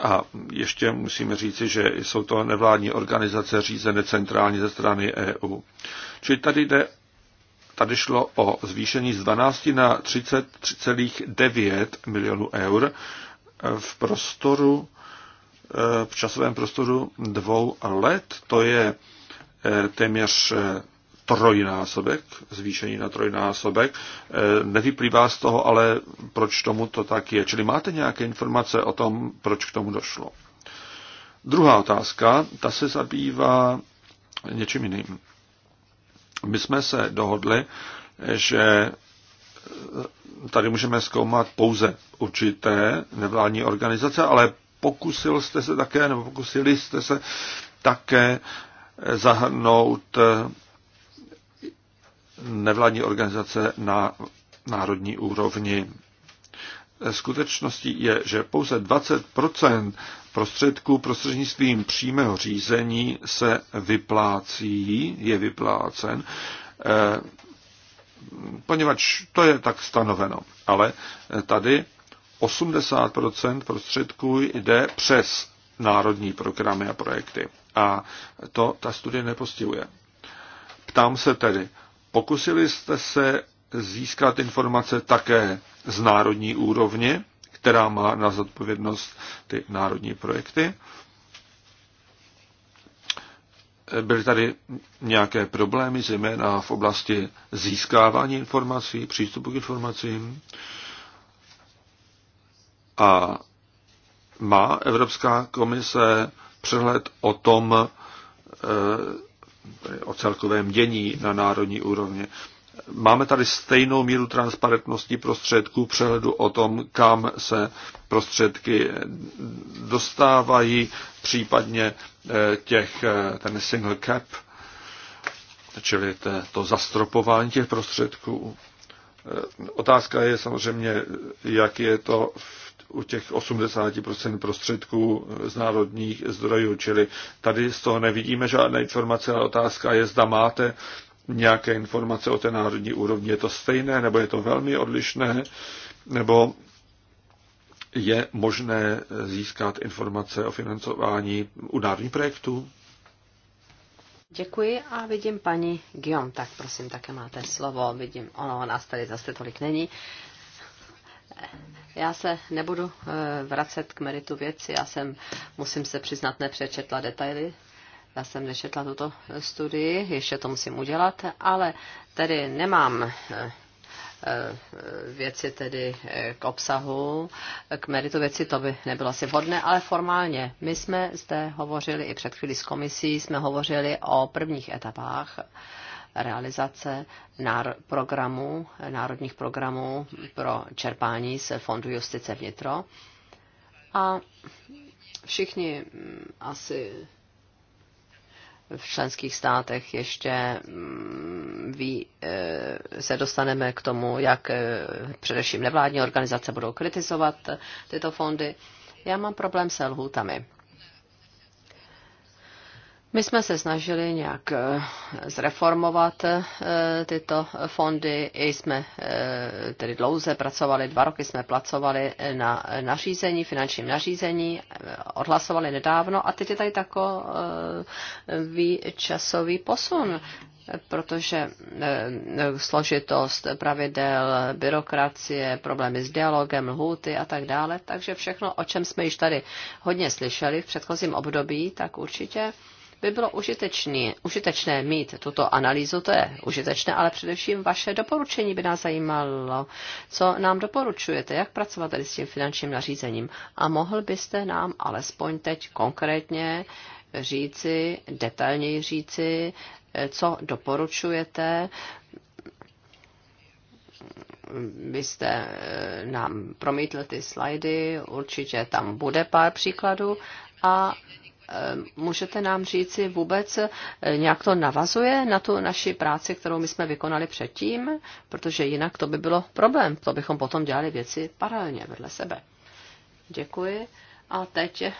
a ještě musíme říci, že jsou to nevládní organizace řízené centrálně ze strany EU. Čili tady jde Tady šlo o zvýšení z 12 na 33,9 milionů eur v prostoru, eh, v časovém prostoru dvou let. To je eh, téměř eh, trojnásobek, zvýšení na trojnásobek. Nevyplývá z toho ale, proč tomu to tak je. Čili máte nějaké informace o tom, proč k tomu došlo? Druhá otázka, ta se zabývá něčím jiným. My jsme se dohodli, že tady můžeme zkoumat pouze určité nevládní organizace, ale pokusil jste se také, nebo pokusili jste se také zahrnout nevládní organizace na národní úrovni skutečností je, že pouze 20 prostředků prostřednictvím přímého řízení se vyplácí, je vyplácen, eh, poněvadž to je tak stanoveno. Ale eh, tady 80 prostředků jde přes národní programy a projekty. A to ta studie nepostihuje. Ptám se tedy, pokusili jste se získat informace také z národní úrovně, která má na zodpovědnost ty národní projekty. Byly tady nějaké problémy, zejména v oblasti získávání informací, přístupu k informacím. A má Evropská komise přehled o tom, eh, o celkovém dění na národní úrovni. Máme tady stejnou míru transparentnosti prostředků, přehledu o tom, kam se prostředky dostávají, případně eh, těch, eh, ten single cap, čili to zastropování těch prostředků. Eh, otázka je samozřejmě, jak je to v, u těch 80% prostředků z národních zdrojů, čili tady z toho nevidíme žádné informace, ale otázka je, zda máte nějaké informace o té národní úrovni. Je to stejné, nebo je to velmi odlišné, nebo je možné získat informace o financování u národních projektů? Děkuji a vidím paní Gion, tak prosím, také máte slovo. Vidím, ono nás tady zase tolik není. Já se nebudu eh, vracet k meritu věci, já jsem, musím se přiznat, nepřečetla detaily já jsem nečetla tuto studii, ještě to musím udělat, ale tedy nemám eh, eh, věci tedy eh, k obsahu, k meritu věci, to by nebylo asi vhodné, ale formálně. My jsme zde hovořili i před chvíli s komisí, jsme hovořili o prvních etapách realizace nár- programů, národních programů pro čerpání z Fondu justice vnitro. A všichni mm, asi v členských státech ještě mm, ví, e, se dostaneme k tomu, jak e, především nevládní organizace budou kritizovat tyto fondy. Já mám problém se lhůtami. My jsme se snažili nějak eh, zreformovat eh, tyto fondy, i jsme eh, tedy dlouze pracovali, dva roky jsme placovali na nařízení, finančním nařízení, odhlasovali nedávno a teď je tady takový časový posun protože složitost pravidel, byrokracie, problémy s dialogem, lhůty a tak dále. Takže všechno, o čem jsme již tady hodně slyšeli v předchozím období, tak určitě by bylo užitečné užitečné mít tuto analýzu, to je užitečné, ale především vaše doporučení by nás zajímalo. Co nám doporučujete, jak pracovat tady s tím finančním nařízením? A mohl byste nám alespoň teď konkrétně říci, detailněji říci, co doporučujete, byste eh, nám promítl ty slajdy, určitě tam bude pár příkladů a Eh, můžete nám říci vůbec, eh, nějak to navazuje na tu naši práci, kterou my jsme vykonali předtím, protože jinak to by bylo problém, to bychom potom dělali věci paralelně vedle sebe. Děkuji. A teď eh,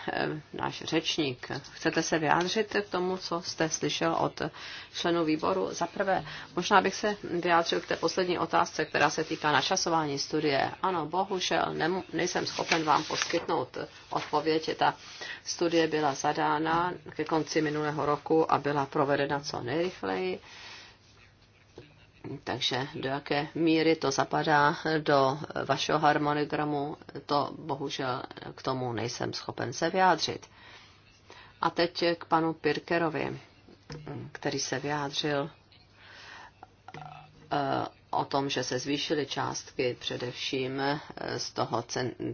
náš řečník. Chcete se vyjádřit k tomu, co jste slyšel od členů výboru? Za prvé, možná bych se vyjádřil k té poslední otázce, která se týká načasování studie. Ano, bohužel nejsem schopen vám poskytnout odpověď. Ta studie byla zadána ke konci minulého roku a byla provedena co nejrychleji. Takže do jaké míry to zapadá do vašeho harmonogramu, to bohužel k tomu nejsem schopen se vyjádřit. A teď k panu Pirkerovi, který se vyjádřil eh, o tom, že se zvýšily částky, především eh, z toho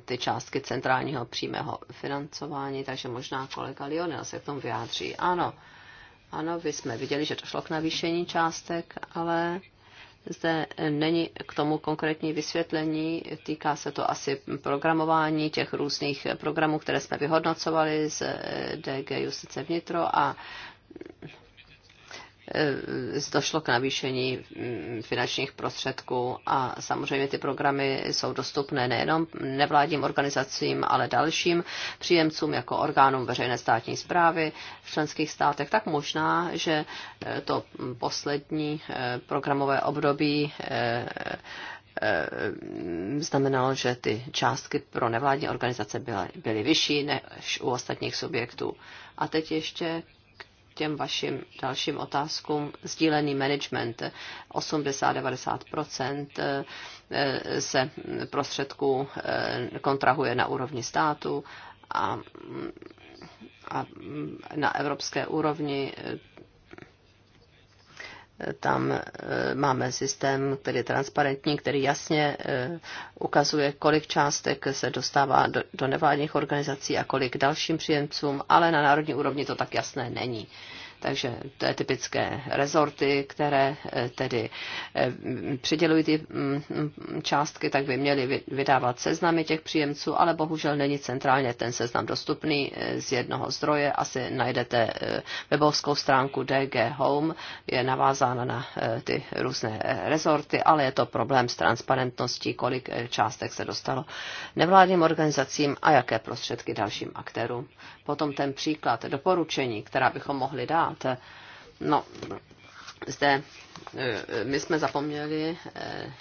ty částky centrálního přímého financování, takže možná kolega Lionel se k tomu vyjádří. Ano, ano, vy jsme viděli, že došlo k navýšení částek, ale zde není k tomu konkrétní vysvětlení, týká se to asi programování těch různých programů, které jsme vyhodnocovali z DG Justice Vnitro a Eh, došlo k navýšení mm, finančních prostředků a samozřejmě ty programy jsou dostupné nejenom nevládním organizacím, ale dalším příjemcům jako orgánům veřejné státní zprávy v členských státech. Tak možná, že eh, to poslední eh, programové období znamenalo, že ty částky pro nevládní organizace byly, byly vyšší než u ostatních subjektů. A teď ještě těm vašim dalším otázkům. Sdílený management 80-90% eh, eh, se prostředků eh, kontrahuje na úrovni státu a, a na evropské úrovni tam eh, máme systém, který je transparentní, který jasně eh, ukazuje, kolik částek se dostává do, do nevládních organizací a kolik dalším příjemcům, ale na národní úrovni to tak jasné není. Takže to je typické rezorty, které eh, tedy eh, přidělují ty mm, mm, částky, tak by měly vydávat seznamy těch příjemců, ale bohužel není centrálně ten seznam dostupný eh, z jednoho zdroje. Asi najdete webovskou stránku DG Home, je navázána na ty různé rezorty, ale je to problém s transparentností, kolik částek se dostalo nevládním organizacím a jaké prostředky dalším aktérům. Potom ten příklad doporučení, která bychom mohli dát, stát. No, zde eh, my jsme zapomněli eh,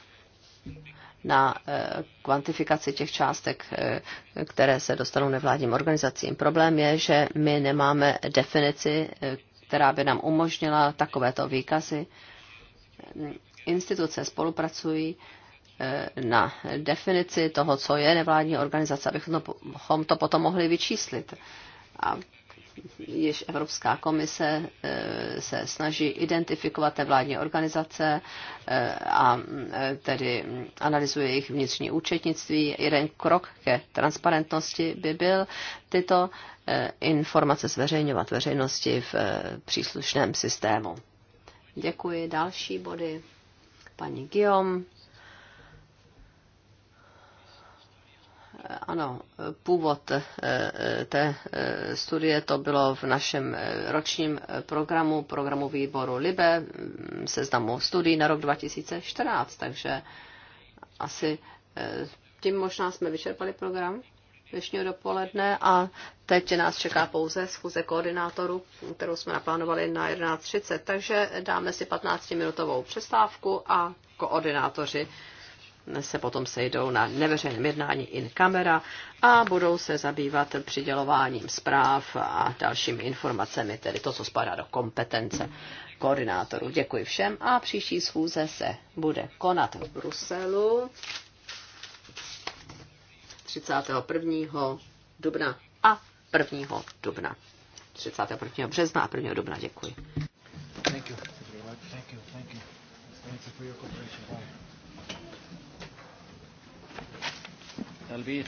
na eh, kvantifikaci těch částek, které se dostanou nevládním organizacím. Problém je, že my nemáme definici, která by nám umožnila takovéto výkazy. Instituce spolupracují na definici toho, co je nevládní organizace, abychom to potom mohli vyčíslit. A již Evropská komise eh, se snaží identifikovat vládní organizace eh, a eh, tedy analyzuje jejich vnitřní účetnictví. Jeden krok ke transparentnosti by byl tyto informace zveřejňovat veřejnosti v příslušném systému. Děkuji. Další body. Paní Guillaume Ano, původ eh, eh, té eh, studie to bylo v našem ročním programu, programu výboru LIBE, mm, seznamu studií na rok 2014, takže asi tím možná jsme vyčerpali program dnešního dopoledne a teď nás čeká pouze schůze koordinátorů, kterou jsme naplánovali na 11.30, takže dáme si 15-minutovou přestávku a koordinátoři se potom sejdou na neveřejném jednání in camera a budou se zabývat přidělováním zpráv a dalšími informacemi, tedy to, co spadá do kompetence koordinátorů. Děkuji všem a příští schůze se bude konat v Bruselu 31. dubna a 1. dubna. 31. března a 1. dubna. Děkuji. Thank you. Thank you. Thank you. Thank you for your cooperation. Bye. البيت